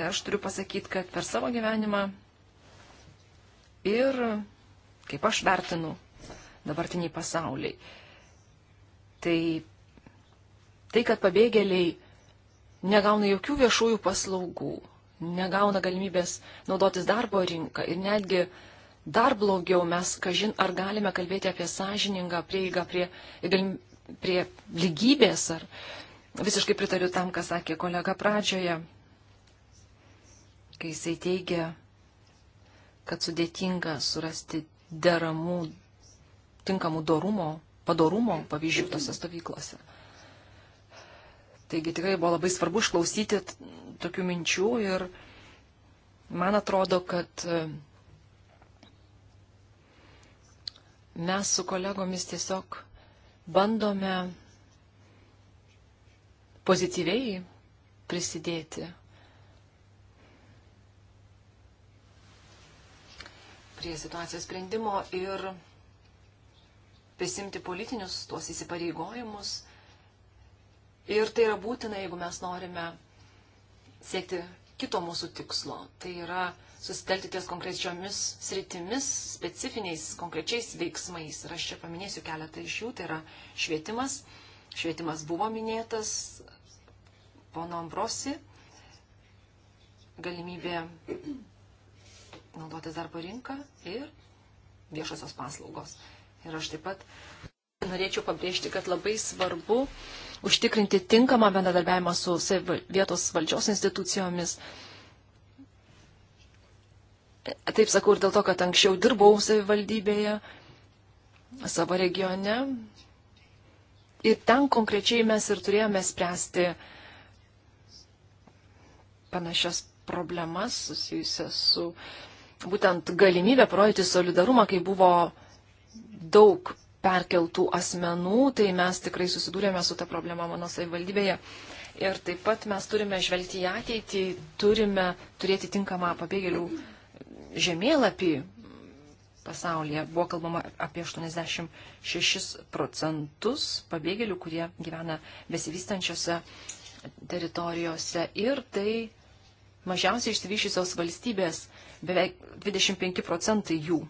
Speaker 3: ir aš turiu pasakyti, kad per savo gyvenimą ir kaip aš vertinu dabartiniai pasauliai, tai tai, kad pabėgėliai negauna jokių viešųjų paslaugų, negauna galimybės naudotis darbo rinką ir netgi uh, Dar blogiau mes, kažin, ar galime kalbėti apie sąžiningą prieigą prie, prie lygybės, ar visiškai pritariu tam, ką sakė kolega pradžioje, kai jisai teigia, kad sudėtinga surasti deramų, tinkamų dorumo, padarumo pavyzdžių tose stovyklose. Taigi tikrai buvo labai svarbu išklausyti tokių minčių ir man atrodo, kad mes su kolegomis tiesiog bandome pozityviai prisidėti prie situacijos sprendimo ir prisimti politinius tuos įsipareigojimus. Ir tai yra būtina, jeigu mes norime siekti kito mūsų tikslo. Tai yra susitelti ties konkrečiomis sritimis, specifiniais konkrečiais veiksmais. Ir aš čia paminėsiu keletą iš jų, tai yra švietimas. Švietimas buvo minėtas pono Ambrosi, galimybė naudotis darbo rinką ir viešosios paslaugos. Ir aš taip pat norėčiau pabrėžti, kad labai svarbu užtikrinti tinkamą bendradarbiavimą su vietos valdžios institucijomis, taip sakau ir dėl to, kad anksčiau dirbau savivaldybėje savo regione. Ir ten konkrečiai mes ir turėjome spręsti panašias problemas susijusias su būtent galimybė parodyti solidarumą, kai buvo daug perkeltų asmenų, tai mes tikrai susidūrėme su ta problema mano savivaldybėje. Ir taip pat mes turime žvelgti į ateitį, turime turėti tinkamą pabėgėlių žemėlapį pasaulyje buvo kalbama apie 86 procentus pabėgėlių, kurie gyvena besivystančiose teritorijose ir tai mažiausiai išsivyšusios valstybės beveik 25 procentai jų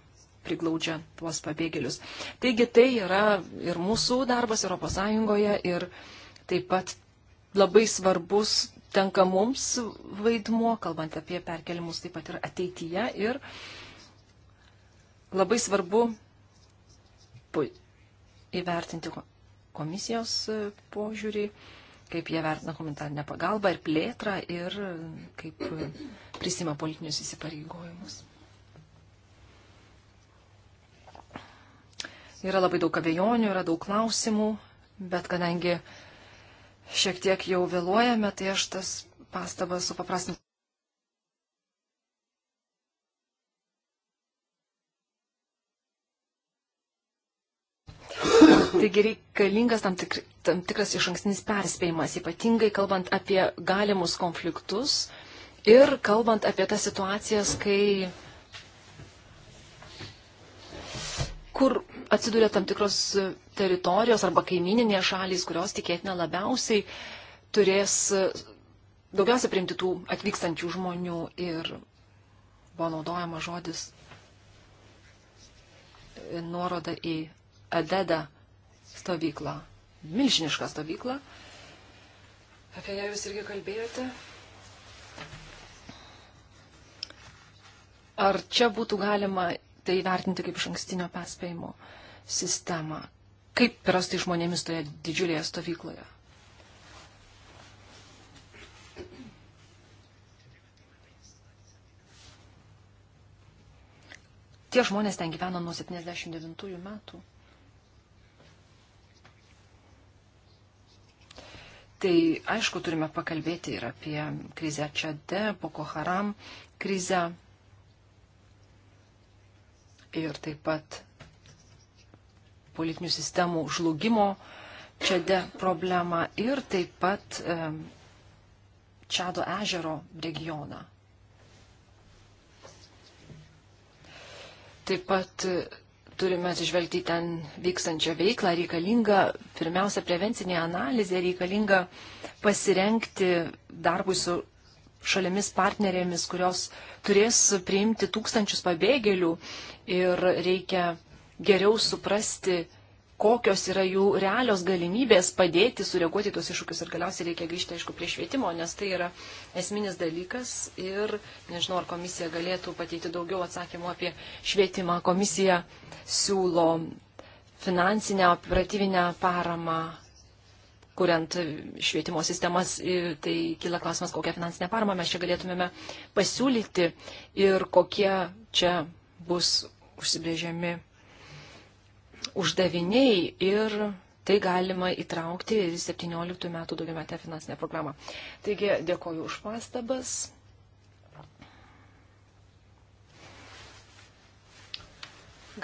Speaker 3: priglaudžia tuos pabėgėlius. Taigi tai yra ir mūsų darbas ES ir taip pat labai svarbus tenka mums vaidmuo, kalbant apie perkelimus taip pat ir ateityje. Ir labai svarbu įvertinti komisijos e, požiūrį, kaip jie vertina komentarinę pagalbą ir plėtrą ir e, kaip e, prisima politinius įsipareigojimus. Yra labai daug abejonių, yra daug klausimų, bet kadangi uh, šiek tiek jau vėluojame, tai aš tas pastabas supaprastinu. Taigi reikalingas tam, tikri, tam tikras iš ankstinis perspėjimas, ypatingai kalbant apie galimus konfliktus ir kalbant apie tas situacijas, kai kur atsiduria tam tikros teritorijos arba kaimininės šalys, kurios tikėtina labiausiai turės e, daugiausia priimti tų atvykstančių žmonių ir buvo naudojama žodis e, nuoroda į Adedą stovyklą, milžinišką stovyklą. Apie ją jūs irgi kalbėjote. Ar čia būtų galima tai vertinti kaip šankstinio perspėjimo sistemą. Kaip yra su tai žmonėmis toje didžiulėje stovykloje? Tie žmonės ten gyvena nuo 79 metų. Tai aišku, turime pakalbėti ir apie krizę Čade, Boko Haram krizę, ir taip pat politinių sistemų žlugimo čiade problemą ir taip pat Čado ežero regioną. Taip pat e, turime atsižvelgti ten vykstančią veiklą, reikalinga pirmiausia prevencinė analizė, reikalinga pasirenkti darbui su šalimis partnerėmis, kurios turės priimti tūkstančius pabėgėlių ir reikia geriau suprasti, kokios yra jų realios galimybės padėti, sureaguoti tuos iššūkius ir galiausiai reikia grįžti, aišku, prie švietimo, nes tai yra esminis dalykas ir nežinau, ar komisija galėtų pateikti daugiau atsakymų apie švietimą. Komisija siūlo finansinę operatyvinę paramą kuriant švietimo sistemas, tai kyla klausimas, kokią finansinę paramą mes čia galėtumėme pasiūlyti ir kokie čia bus užsibrėžiami uždaviniai ir tai galima įtraukti ir 17 metų daugiametę finansinę programą. Taigi dėkoju už pastabas.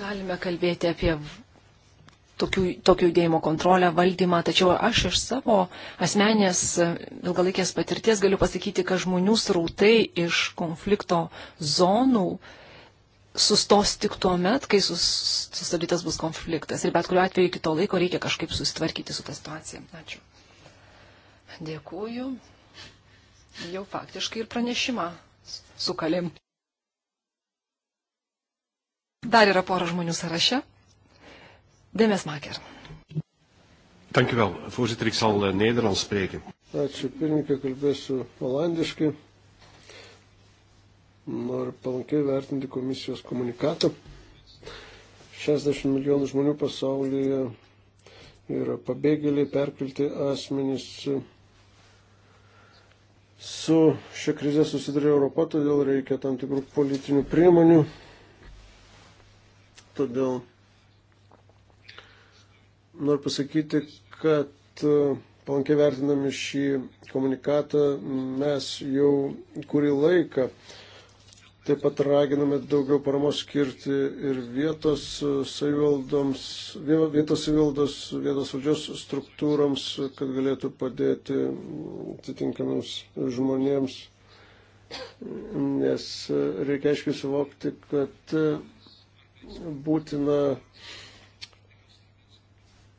Speaker 3: Galime kalbėti apie tokių, tokio judėjimo kontrolę, valdymą, tačiau aš iš savo asmenės e, ilgalaikės patirties galiu pasakyti, kad žmonių srautai iš konflikto zonų sustos tik tuo met, kai sus, sustabdytas bus konfliktas. Ir bet kuriuo atveju iki to laiko reikia kažkaip susitvarkyti su tą situacija. Ačiū. Dėkuoju. Jau faktiškai ir pranešimą sukalim. Dar yra pora žmonių sąraše.
Speaker 2: Demesmaker. Dank u wel, voorzitter. Ik zal uh, Nederlands spreken. Ačiū, pirmininkė, kalbėsiu olandiškai. Noriu palankiai vertinti komisijos komunikatą. 60 milijonų žmonių pasaulyje yra pabėgėliai, perkelti asmenys. Su šia krize susiduria Europa, todėl reikia tam tikrų politinių priemonių. Todėl Noriu pasakyti, kad e, palankiai vertinami šį komunikatą mes jau kurį laiką taip pat raginame daugiau paramos skirti ir vietos e, savivaldoms, vietos savivaldos, vietos valdžios struktūroms, kad galėtų padėti atitinkamiems žmonėms, nes e, reikia aiškiai suvokti, kad būtina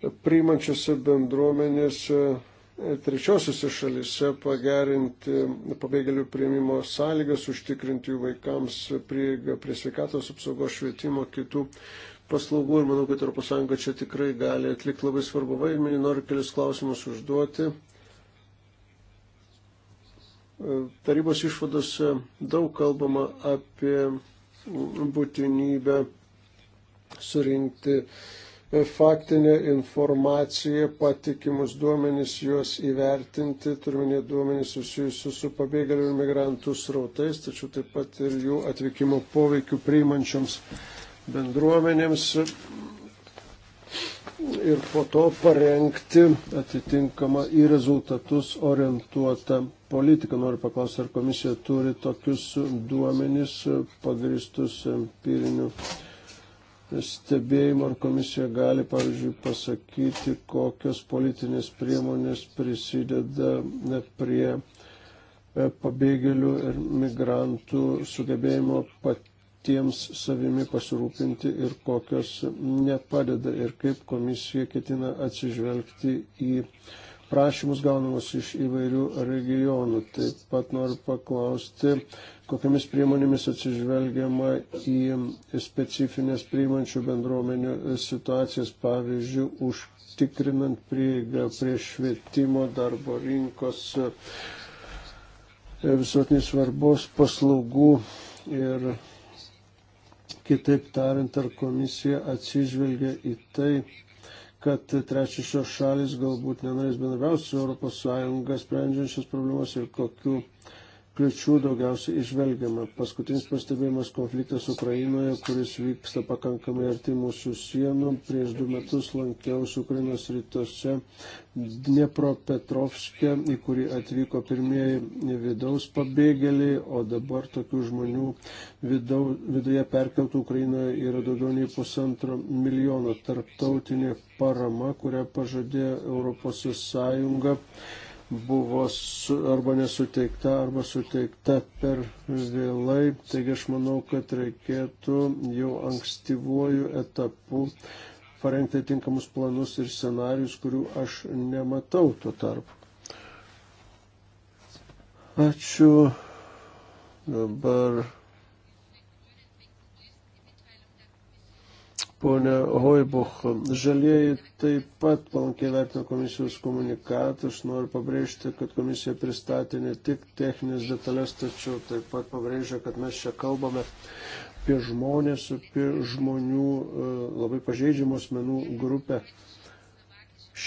Speaker 2: priimančiose bendruomenėse e, trečiosiuose šalise pagerinti pabėgėlių prieimimo sąlygas, užtikrinti jų vaikams prieigą prie sveikatos apsaugos, švietimo, kitų paslaugų. Ir manau, kad ES čia tikrai gali atlikti labai svarbu vaidmenį. Noriu kelis klausimus užduoti. E, tarybos išvadose daug kalbama apie būtinybę surinkti uh, faktinę informaciją, patikimus duomenys, juos įvertinti, turminė duomenys susijusius su pabėgėlių ir migrantų srautais, tačiau taip pat ir jų atvykimo poveikių priimančioms bendruomenėms ir po to parengti atitinkamą į rezultatus orientuotą politiką. Noriu paklausti, ar komisija turi tokius duomenys pagristus empiriniu stebėjimo, ar komisija gali, pavyzdžiui, pasakyti, kokios politinės priemonės prisideda prie e, pabėgėlių ir migrantų sugebėjimo patiems savimi pasirūpinti ir kokios nepadeda ir kaip komisija ketina atsižvelgti į prašymus gaunamus iš įvairių regionų. Taip pat noriu paklausti, kokiamis priemonėmis atsižvelgiama į specifinės priimančių bendruomenių situacijas, pavyzdžiui, užtikrinant prieigą prie švietimo darbo rinkos visuotinės svarbos paslaugų ir kitaip tariant, ar komisija atsižvelgia į tai, kad trečiosios šalis galbūt nenorės bendrauti su ES sprendžiančios problemas ir kokiu kliučių daugiausiai išvelgiama. Paskutinis pastebėjimas konfliktas Ukrainoje, kuris vyksta pakankamai arti mūsų sienų. Prieš du metus lankiausi Ukrainos rytuose Dniepropetrovskė, į kurį atvyko pirmieji vidaus pabėgėliai, o dabar tokių žmonių vidau, viduje perkeltų Ukrainoje yra daugiau nei pusantro milijono. Tarptautinė parama, kurią pažadėjo Europos Sąjunga buvo su, arba nesuteikta, arba suteikta per vėlai. Taigi aš manau, kad reikėtų jau ankstyvuoju etapu parengti tinkamus planus ir scenarius, kurių aš nematau tuo tarpu. Ačiū. Dabar Pone Hoibuch, žalieji taip pat palankiai vertina komisijos komunikatą. Aš noriu pabrėžti, kad komisija pristatė ne tik techninės detalės, tačiau taip pat pabrėžia, kad mes čia kalbame apie žmonės, apie žmonių e, labai pažeidžiamos menų grupę.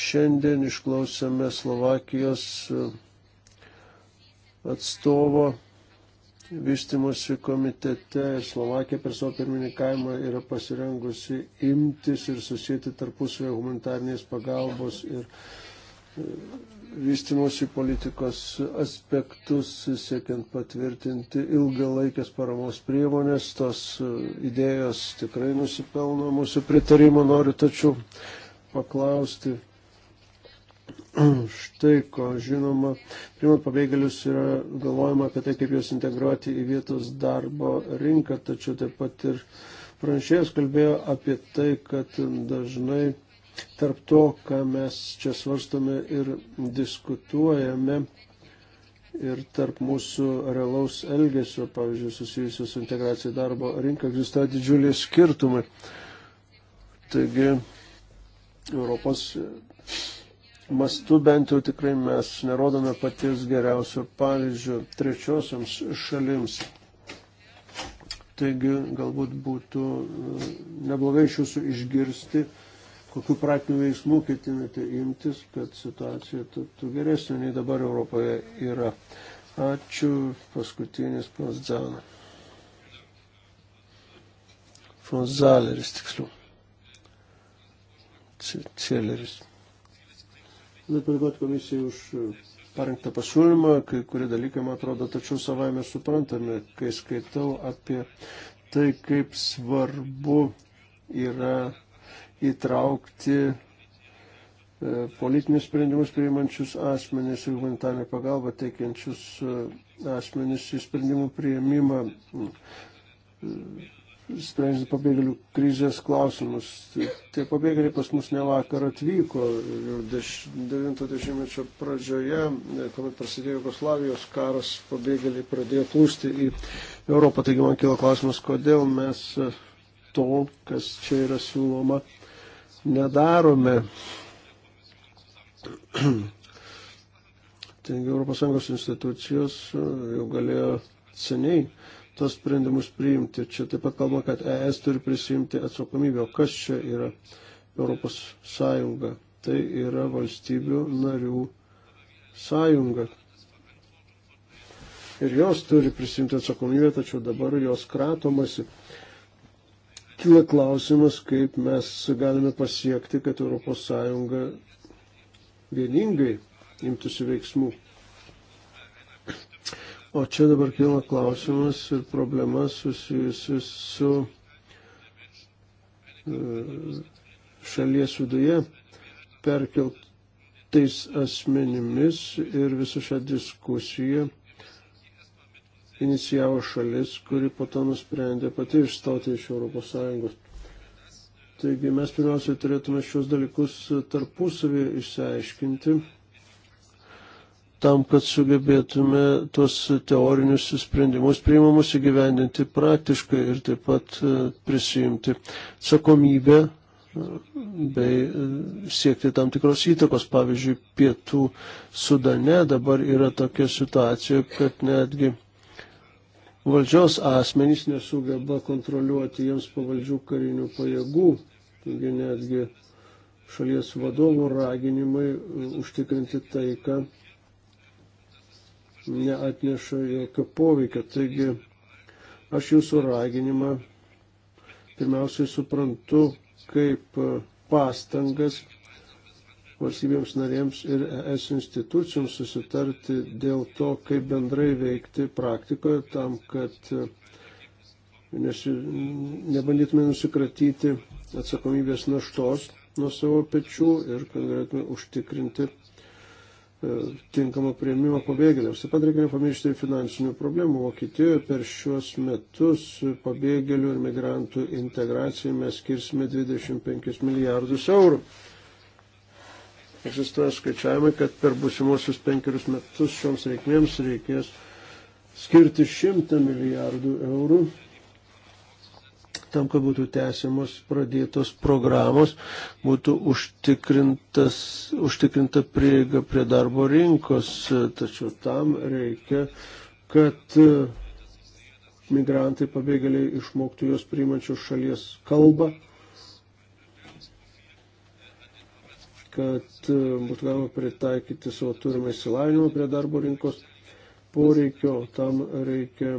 Speaker 2: Šiandien išklausėme Slovakijos e, atstovo vystimosi komitete ir Slovakija per savo pirmininkavimą yra pasirengusi imtis ir susijęti tarpusavę humanitarnės pagalbos ir e, vystimosi politikos aspektus, siekiant patvirtinti ilgalaikės paramos priemonės. Tos e, idėjos tikrai nusipelno mūsų pritarimo, noriu tačiau paklausti Štai ko žinoma, primant pabėgėlius yra galvojama apie tai, kaip juos integruoti į vietos darbo rinką, tačiau taip pat ir pranešėjas kalbėjo apie tai, kad dažnai tarp to, ką mes čia svarstome ir diskutuojame, ir tarp mūsų realaus elgesio, pavyzdžiui, susijusio su integracija darbo rinka, egzistuoja didžiuliai skirtumai. Taigi, Europos mastu bent jau tikrai mes nerodome paties geriausio pavyzdžio trečiosiams šalims. Taigi galbūt būtų e, neblogai iš jūsų išgirsti, kokiu praktiniu veiksmu ketinate imtis, kad situacija taptų geresnė nei dabar Europoje yra. Ačiū. Paskutinis pas Dzaną. Fonzaleris tiksliau. Celeris. Noriu padėkoti komisijai už parengtą pasiūlymą, kai kurie dalykai, man atrodo, tačiau savaime suprantami, kai skaitau apie tai, kaip svarbu yra įtraukti e, politinius sprendimus priimančius asmenys ir humanitarinę pagalbą teikiančius e, asmenys į sprendimų prieimimą e, sprendžiant pabėgėlių krizės klausimus. Tie pabėgėliai pas mus ne vakar atvyko, jau 90-mečio pradžioje, kuomet prasidėjo Jugoslavijos karas, pabėgėliai pradėjo plūsti į Europą. Taigi man kilo klausimas, kodėl mes to, kas čia yra siūloma, nedarome. Taigi ES institucijos jau galėjo seniai tos sprendimus priimti. Čia taip pat kalbama, kad ES turi prisimti atsakomybę. O kas čia yra Europos Sąjunga? Tai yra valstybių narių sąjunga. Ir jos turi prisimti atsakomybę, tačiau dabar jos kratomasi. Kila klausimas, kaip mes galime pasiekti, kad ES vieningai imtųsi veiksmų. O čia dabar kyla klausimas ir problema susijusi su e, šalies viduje perkeltais asmenimis ir visą šią diskusiją inicijavo šalis, kuri po to nusprendė pati išstoti iš ES. Taigi mes pirmiausiai turėtume šios dalykus tarpusavį išsiaiškinti tam, kad sugebėtume tuos teorinius sprendimus priimamus įgyvendinti praktiškai ir taip pat e, prisijimti atsakomybę e, bei e, siekti tam tikros įtakos. Pavyzdžiui, pietų Sudane dabar yra tokia situacija, kad netgi valdžios asmenys nesugeba kontroliuoti jiems pavaldžių karinių pajėgų. Taigi netgi šalies vadovų raginimai užtikrinti taiką neatneša jokio poveikio. Taigi aš jūsų raginimą pirmiausiai suprantu kaip pastangas valstybėms narėms ir ES institucijoms susitarti dėl to, kaip bendrai veikti praktikoje tam, kad nesi, nebandytume nusikratyti atsakomybės naštos nuo savo pečių ir kad galėtume užtikrinti E, tinkamą prieimimą pabėgėliams. Taip pat reikia nepamiršti ir finansinių problemų. Vokietijoje per šiuos metus pabėgėlių ir migrantų integracijai mes skirsime 25 milijardus eurų. Egzistuoja skaičiavimai, kad per busimuosius penkerius metus šioms reikmėms reikės skirti 100 milijardų eurų tam, kad būtų tęsiamos pradėtos programos, būtų užtikrinta prieiga prie darbo rinkos. Tačiau tam reikia, kad e, migrantai pabėgėliai išmoktų jos priimančios šalies kalbą, kad e, būtų galima pritaikyti savo turimą įsilavinimą prie darbo rinkos poreikio, tam reikia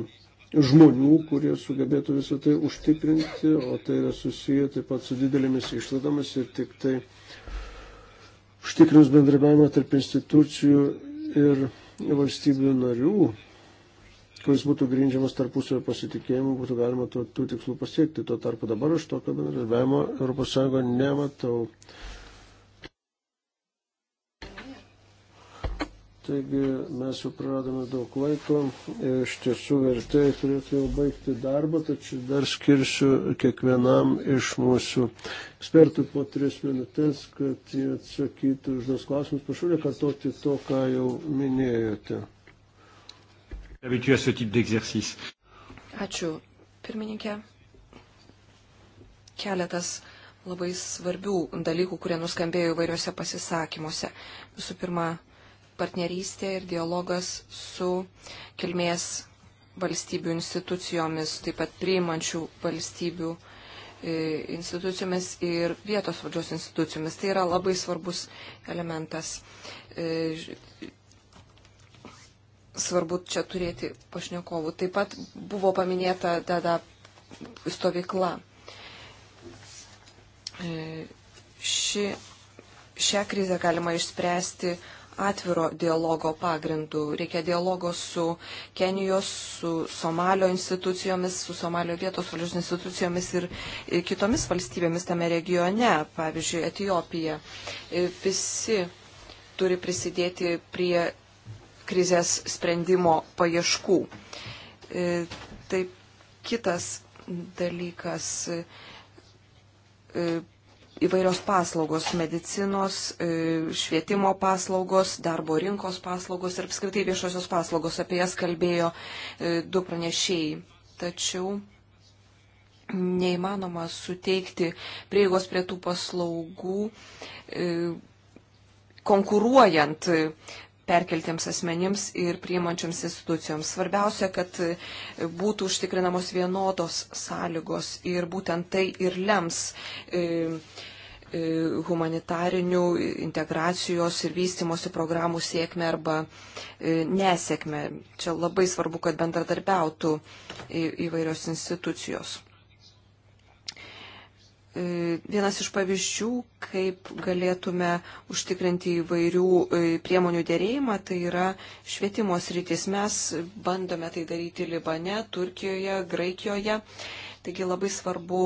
Speaker 2: žmonių, kurie sugebėtų visą tai užtikrinti, o tai yra susiję taip pat su didelėmis išlaidomis ir tik tai užtikrinus bendrabiavimą tarp institucijų ir valstybių narių, kuris būtų grindžiamas tarpusavio pasitikėjimu, būtų galima to, tų tikslų pasiekti. Tuo tarpu dabar aš tokio bendradarbiavimo ES nematau. Taigi mes jau praradome daug laiko. Iš tiesų vertėjai turėtų jau baigti darbą, tačiau dar skirsiu kiekvienam iš mūsų ekspertų po tris minutės, kad jie atsakytų už tos klausimus. Prašau nekartoti to, ką jau minėjote. Ačiū,
Speaker 1: pirmininkė. Keletas labai svarbių dalykų, kurie nuskambėjo įvairiuose pasisakymuose. Visų pirma, partnerystė ir dialogas su kilmės valstybių institucijomis, taip pat priimančių valstybių e, institucijomis ir vietos valdžios institucijomis. Tai yra labai svarbus elementas. E, svarbu čia turėti pašnekovų. Taip pat buvo paminėta tada stovykla. E, ši, šią krizę galima išspręsti atviro dialogo pagrindu. Reikia dialogo su Kenijos, su Somalio institucijomis, su Somalio vietos valdžios institucijomis ir e, kitomis valstybėmis tame regione, pavyzdžiui, Etijopija. E, visi turi prisidėti prie krizės sprendimo paieškų. E, taip, kitas dalykas įvairios paslaugos - medicinos, e, švietimo paslaugos, darbo rinkos paslaugos ir apskritai viešosios paslaugos. Apie jas kalbėjo e, du pranešėjai. Tačiau neįmanoma suteikti prieigos prie tų paslaugų e, konkuruojant perkeltiems asmenims ir priemančiams institucijoms. Svarbiausia, kad būtų užtikrinamos vienodos sąlygos ir būtent tai ir lems e, e, humanitarinių integracijos ir vystimosi programų sėkmę arba e, nesėkmę. Čia labai svarbu, kad bendradarbiautų įvairios institucijos. E, vienas iš pavyzdžių, kaip galėtume užtikrinti įvairių e, priemonių dėrėjimą, tai yra švietimo sritis. Mes bandome tai daryti Libane, Turkijoje, Graikijoje. Taigi labai svarbu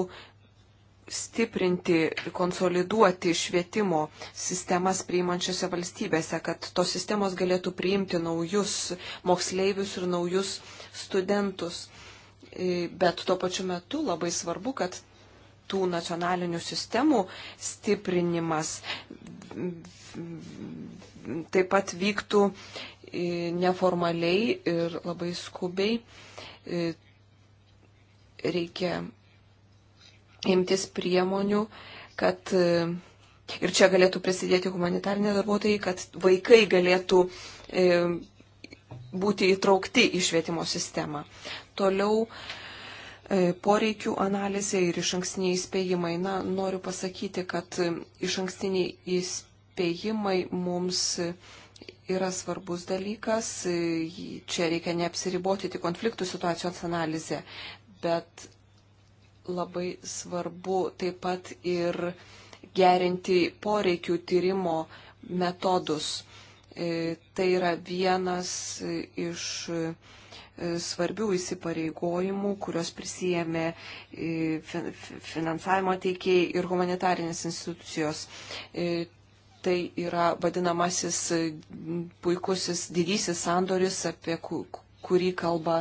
Speaker 1: stiprinti, konsoliduoti švietimo sistemas priimančiose valstybėse, kad tos sistemos galėtų priimti naujus moksleivius ir naujus studentus. E, bet tuo pačiu metu labai svarbu, kad tų nacionalinių sistemų stiprinimas taip pat vyktų e, neformaliai ir labai skubiai. E, reikia imtis priemonių, kad e, ir čia galėtų prisidėti humanitariniai darbuotojai, kad vaikai galėtų būti įtraukti į švietimo sistemą. Toliau E, poreikių analizė ir iš ankstiniai įspėjimai. Na, noriu pasakyti, kad iš ankstiniai įspėjimai mums yra svarbus dalykas. E, čia reikia neapsiriboti tik konfliktų situacijos analizė, bet labai svarbu taip pat ir gerinti poreikių tyrimo metodus. E, tai yra vienas iš E, svarbių įsipareigojimų, kurios prisijėmė e, finansavimo teikėjai ir humanitarinės institucijos. E, tai yra vadinamasis puikusis didysis sandoris, apie kurį kalba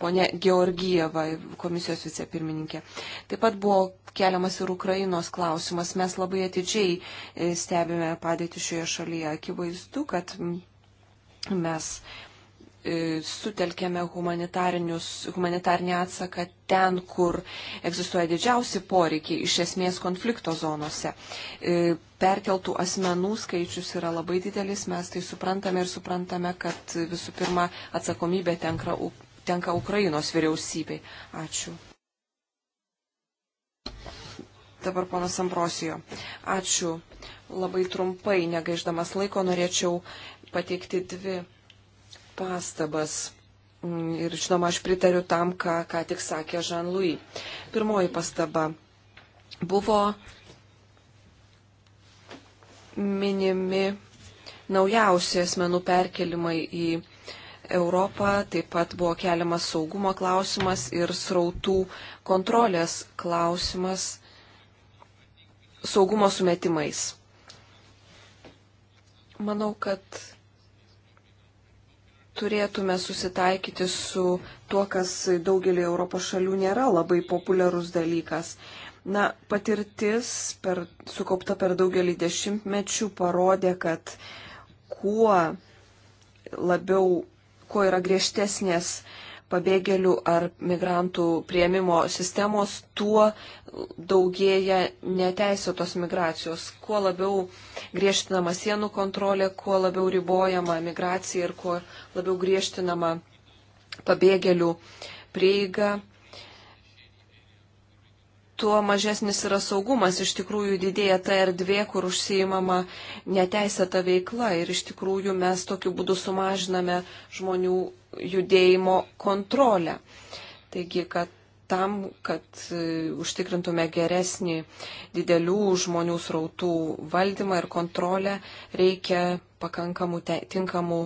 Speaker 1: ponė Georgijeva, komisijos vicepirmininkė. Taip pat buvo keliamas ir Ukrainos klausimas. Mes labai atidžiai stebime padėti šioje šalyje. Akivaizdu, kad mes E, sutelkėme humanitarinį atsaką ten, kur egzistuoja didžiausi poreikiai, iš esmės konflikto zonose. E, perkeltų asmenų skaičius yra labai didelis, mes tai suprantame ir suprantame, kad visų pirma atsakomybė tenka, tenka Ukrainos vyriausybei. Ačiū. Dabar ponas Ambrosijo. Ačiū. Labai trumpai, negaiždamas laiko, norėčiau pateikti dvi pastabas. Mm, ir žinoma, aš pritariu tam, ką, ką tik sakė Žan-Louis. Pirmoji pastaba. Buvo minimi naujausi asmenų perkelimai į Europą, taip pat buvo keliamas saugumo klausimas ir srautų kontrolės klausimas saugumo sumetimais. Manau, kad turėtume susitaikyti su tuo, kas daugelį Europos šalių nėra labai populiarus dalykas. Na, patirtis per, sukaupta per daugelį dešimtmečių parodė, kad kuo labiau, kuo yra griežtesnės uh, pabėgėlių ar migrantų prieimimo sistemos, tuo daugėja neteisėtos migracijos. Kuo labiau griežtinama sienų kontrolė, kuo labiau ribojama migracija ir kuo labiau griežtinama pabėgėlių prieiga, tuo mažesnis yra saugumas. Iš tikrųjų didėja ta erdvė, kur užsijimama neteisėta veikla ir iš tikrųjų mes tokiu būdu sumažiname žmonių judėjimo kontrolę. Taigi, kad tam, kad e, užtikrintume geresnį didelių žmonių srautų valdymą ir kontrolę, reikia pakankamų te, tinkamų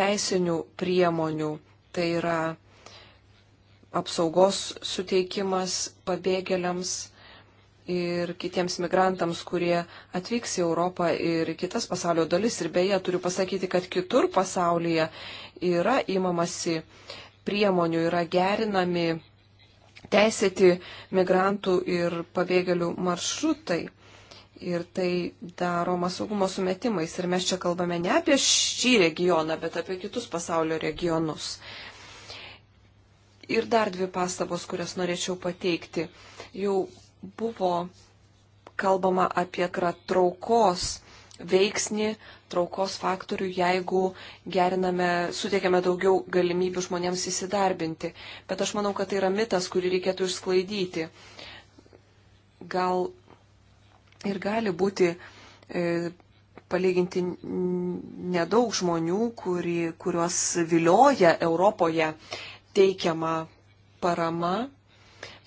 Speaker 1: teisinių priemonių. Tai yra apsaugos suteikimas pabėgėliams ir kitiems migrantams, kurie atvyks į Europą ir kitas pasaulio dalis. Ir beje, turiu pasakyti, kad kitur pasaulyje yra įmamasi priemonių, yra gerinami teisėti migrantų ir pabėgėlių maršrutai. Ir tai daroma saugumo sumetimais. Ir mes čia kalbame ne apie šį regioną, bet apie kitus pasaulio regionus. Ir dar dvi pastabos, kurias norėčiau pateikti. Jau buvo kalbama apie traukos veiksnį, traukos faktorių, jeigu geriname, suteikiame daugiau galimybių žmonėms įsidarbinti. Bet aš manau, kad tai yra mitas, kurį reikėtų išsklaidyti. Gal ir gali būti e, palyginti nedaug žmonių, kuri, kuriuos vilioja Europoje teikiama parama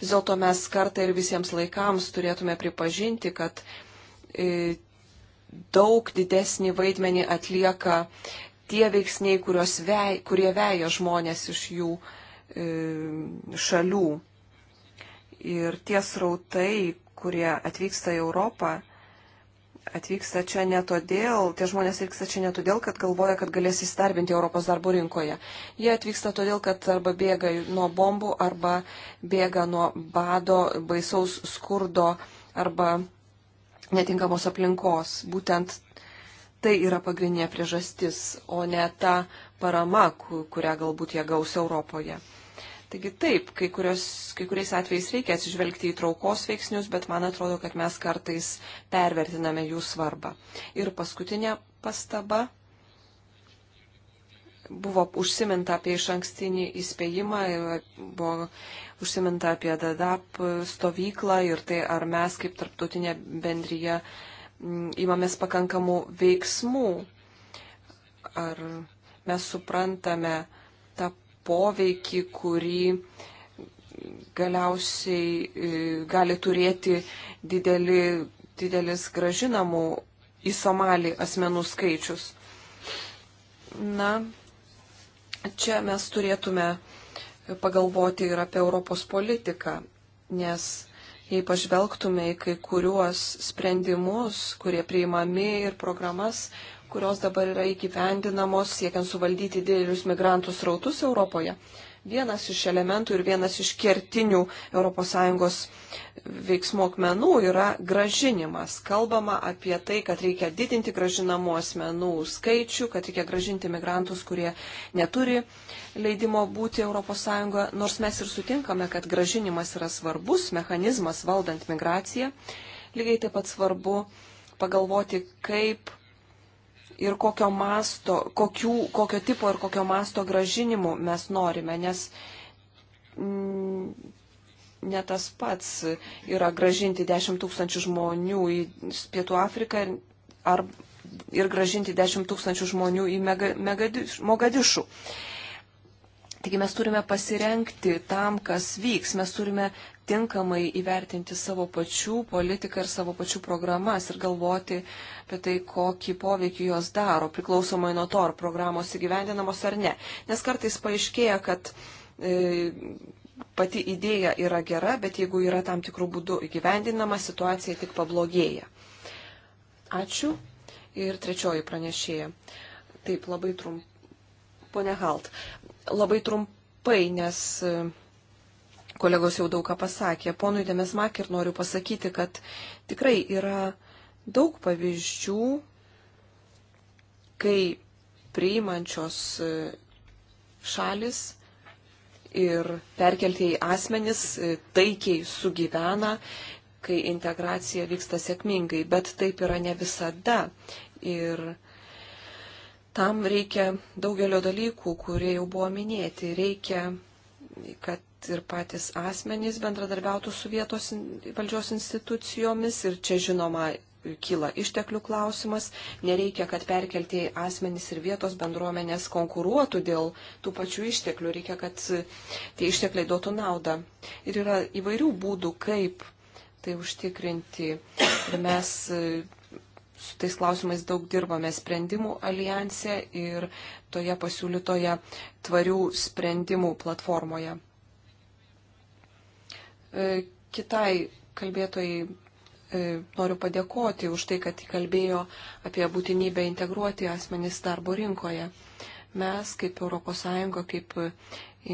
Speaker 1: Vis dėlto mes kartą ir visiems laikams turėtume pripažinti, kad e, daug didesnį vaidmenį atlieka tie veiksniai, vei, kurie veja žmonės iš jų e, šalių. Ir tie srautai, kurie atvyksta į Europą, atvyksta čia ne todėl, tie žmonės atvyksta čia ne todėl, kad galvoja, kad galės įsidarbinti Europos darbo rinkoje. Jie atvyksta todėl, kad arba bėga nuo bombų, arba bėga nuo bado, baisaus skurdo, arba netinkamos aplinkos. Būtent tai yra pagrindinė priežastis, o ne ta parama, kurią galbūt jie gaus Europoje. Taigi taip, kai, kurios, kai kuriais atvejais reikia atsižvelgti į traukos veiksnius, bet man atrodo, kad mes kartais pervertiname jų svarbą. Ir paskutinė pastaba buvo užsiminta apie iš ankstinį įspėjimą, buvo užsiminta apie DADAP stovyklą ir tai, ar mes kaip tarptautinė bendryje įmamės mm, pakankamų veiksmų, ar mes suprantame, poveikį, kurį galiausiai e, gali turėti didelį, didelis gražinamų į Somalį asmenų skaičius. Na, čia mes turėtume pagalvoti ir apie Europos politiką, nes Jei pažvelgtume į kai kuriuos sprendimus, kurie priimami ir programas, kurios dabar yra įgyvendinamos siekiant suvaldyti didelius migrantų srautus Europoje, vienas iš elementų ir vienas iš kertinių ES veiksmų akmenų yra gražinimas. Kalbama apie tai, kad reikia didinti gražinamų asmenų skaičių, kad reikia gražinti migrantus, kurie neturi leidimo būti ES. Nors mes ir sutinkame, kad gražinimas yra svarbus mechanizmas valdant migraciją, lygiai taip pat svarbu pagalvoti, kaip ir kokio, masto, kokių, kokio tipo ir kokio masto gražinimų mes norime, nes mm, ne tas pats yra gražinti 10 tūkstančių žmonių į Pietų Afriką ir, ar, ir gražinti 10 tūkstančių žmonių į Mega, Megadiš, Mogadišų. Mega Taigi mes turime pasirenkti tam, kas vyks, mes turime tinkamai įvertinti savo pačių politiką ir savo pačių programas ir galvoti apie tai, kokį poveikį jos daro, priklausomai nuo to, ar programos įgyvendinamos ar ne. Nes kartais paaiškėja, kad e, pati idėja yra gera, bet jeigu yra tam tikrų būdų įgyvendinama, situacija tik pablogėja. Ačiū. Ir trečioji pranešėja. Taip, labai trumpai. Pone Halt, labai trumpai, nes e, kolegos jau daug ką pasakė. Ponui Demesmak ir noriu pasakyti, kad tikrai yra daug pavyzdžių, kai priimančios e, šalis ir perkeltieji asmenys e, taikiai sugyvena, kai integracija vyksta sėkmingai, bet taip yra ne visada. Ir Tam reikia daugelio dalykų, kurie jau buvo minėti. Reikia, kad ir patys asmenys bendradarbiautų su vietos valdžios institucijomis ir čia žinoma kyla išteklių klausimas, nereikia, kad perkeltieji asmenys ir vietos bendruomenės konkuruotų dėl tų pačių išteklių, reikia, kad tie ištekliai duotų naudą. Ir yra įvairių būdų, kaip tai užtikrinti. Ir mes su tais klausimais daug dirbame sprendimų alijanse ir toje pasiūlytoje tvarių sprendimų platformoje. E, kitai kalbėtojai e, noriu padėkoti už tai, kad kalbėjo apie būtinybę integruoti asmenys darbo rinkoje. Mes kaip ES, kaip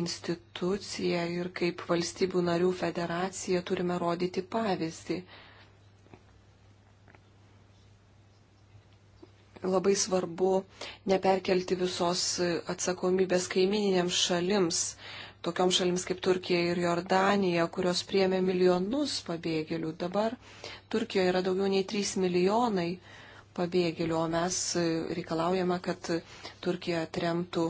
Speaker 1: institucija ir kaip valstybių narių federacija turime rodyti pavyzdį. labai svarbu neperkelti visos atsakomybės kaimininėms šalims, tokiom šalims kaip Turkija ir Jordanija, kurios priemė milijonus pabėgėlių. Dabar Turkijoje yra daugiau nei 3 milijonai pabėgėlių, o mes reikalaujame, kad Turkija atremtų,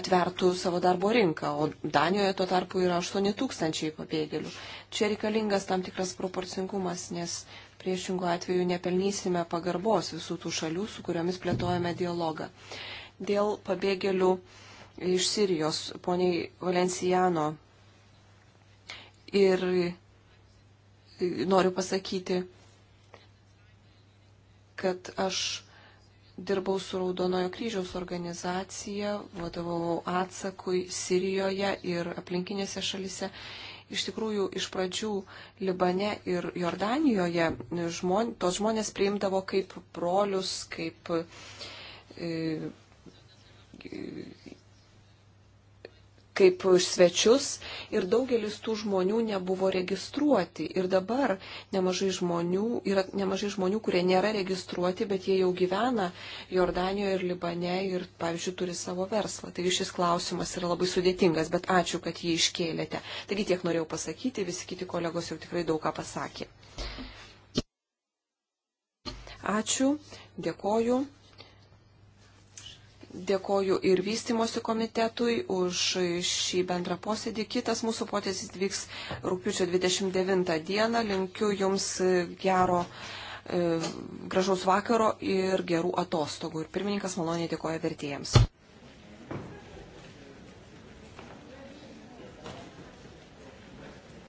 Speaker 1: atvertų savo darbo rinką, o Danijoje tuo tarpu yra 8 tūkstančiai pabėgėlių. Čia reikalingas tam tikras proporcingumas, nes Priešingų atveju nepelnysime pagarbos visų tų šalių, su kuriomis plėtojame dialogą. Dėl pabėgėlių iš Sirijos, poniai Valenciano. Ir noriu pasakyti, kad aš dirbau su Raudonojo kryžiaus organizacija, vadovavau atsakui Sirijoje ir aplinkinėse šalise. Iš tikrųjų, iš pradžių Libane ir Jordanijoje žmon, tos žmonės priimdavo kaip brolius, kaip e, kaip svečius ir daugelis tų žmonių nebuvo registruoti. Ir dabar nemažai žmonių, yra nemažai žmonių, kurie nėra registruoti, bet jie jau gyvena Jordanijoje ir Libane ir, pavyzdžiui, turi savo verslą. Taigi šis klausimas yra labai sudėtingas, bet ačiū, kad jį iškėlėte. Taigi tiek norėjau pasakyti, visi kiti kolegos jau tikrai daug ką pasakė. Ačiū, dėkoju. Dėkoju ir vystimosi komitetui už šį bendrą posėdį. Kitas mūsų posėdis vyks rūpiučio 29 dieną. Linkiu Jums gero, e, gražaus vakaro ir gerų atostogų. Ir pirmininkas maloniai dėkoja vertėjams.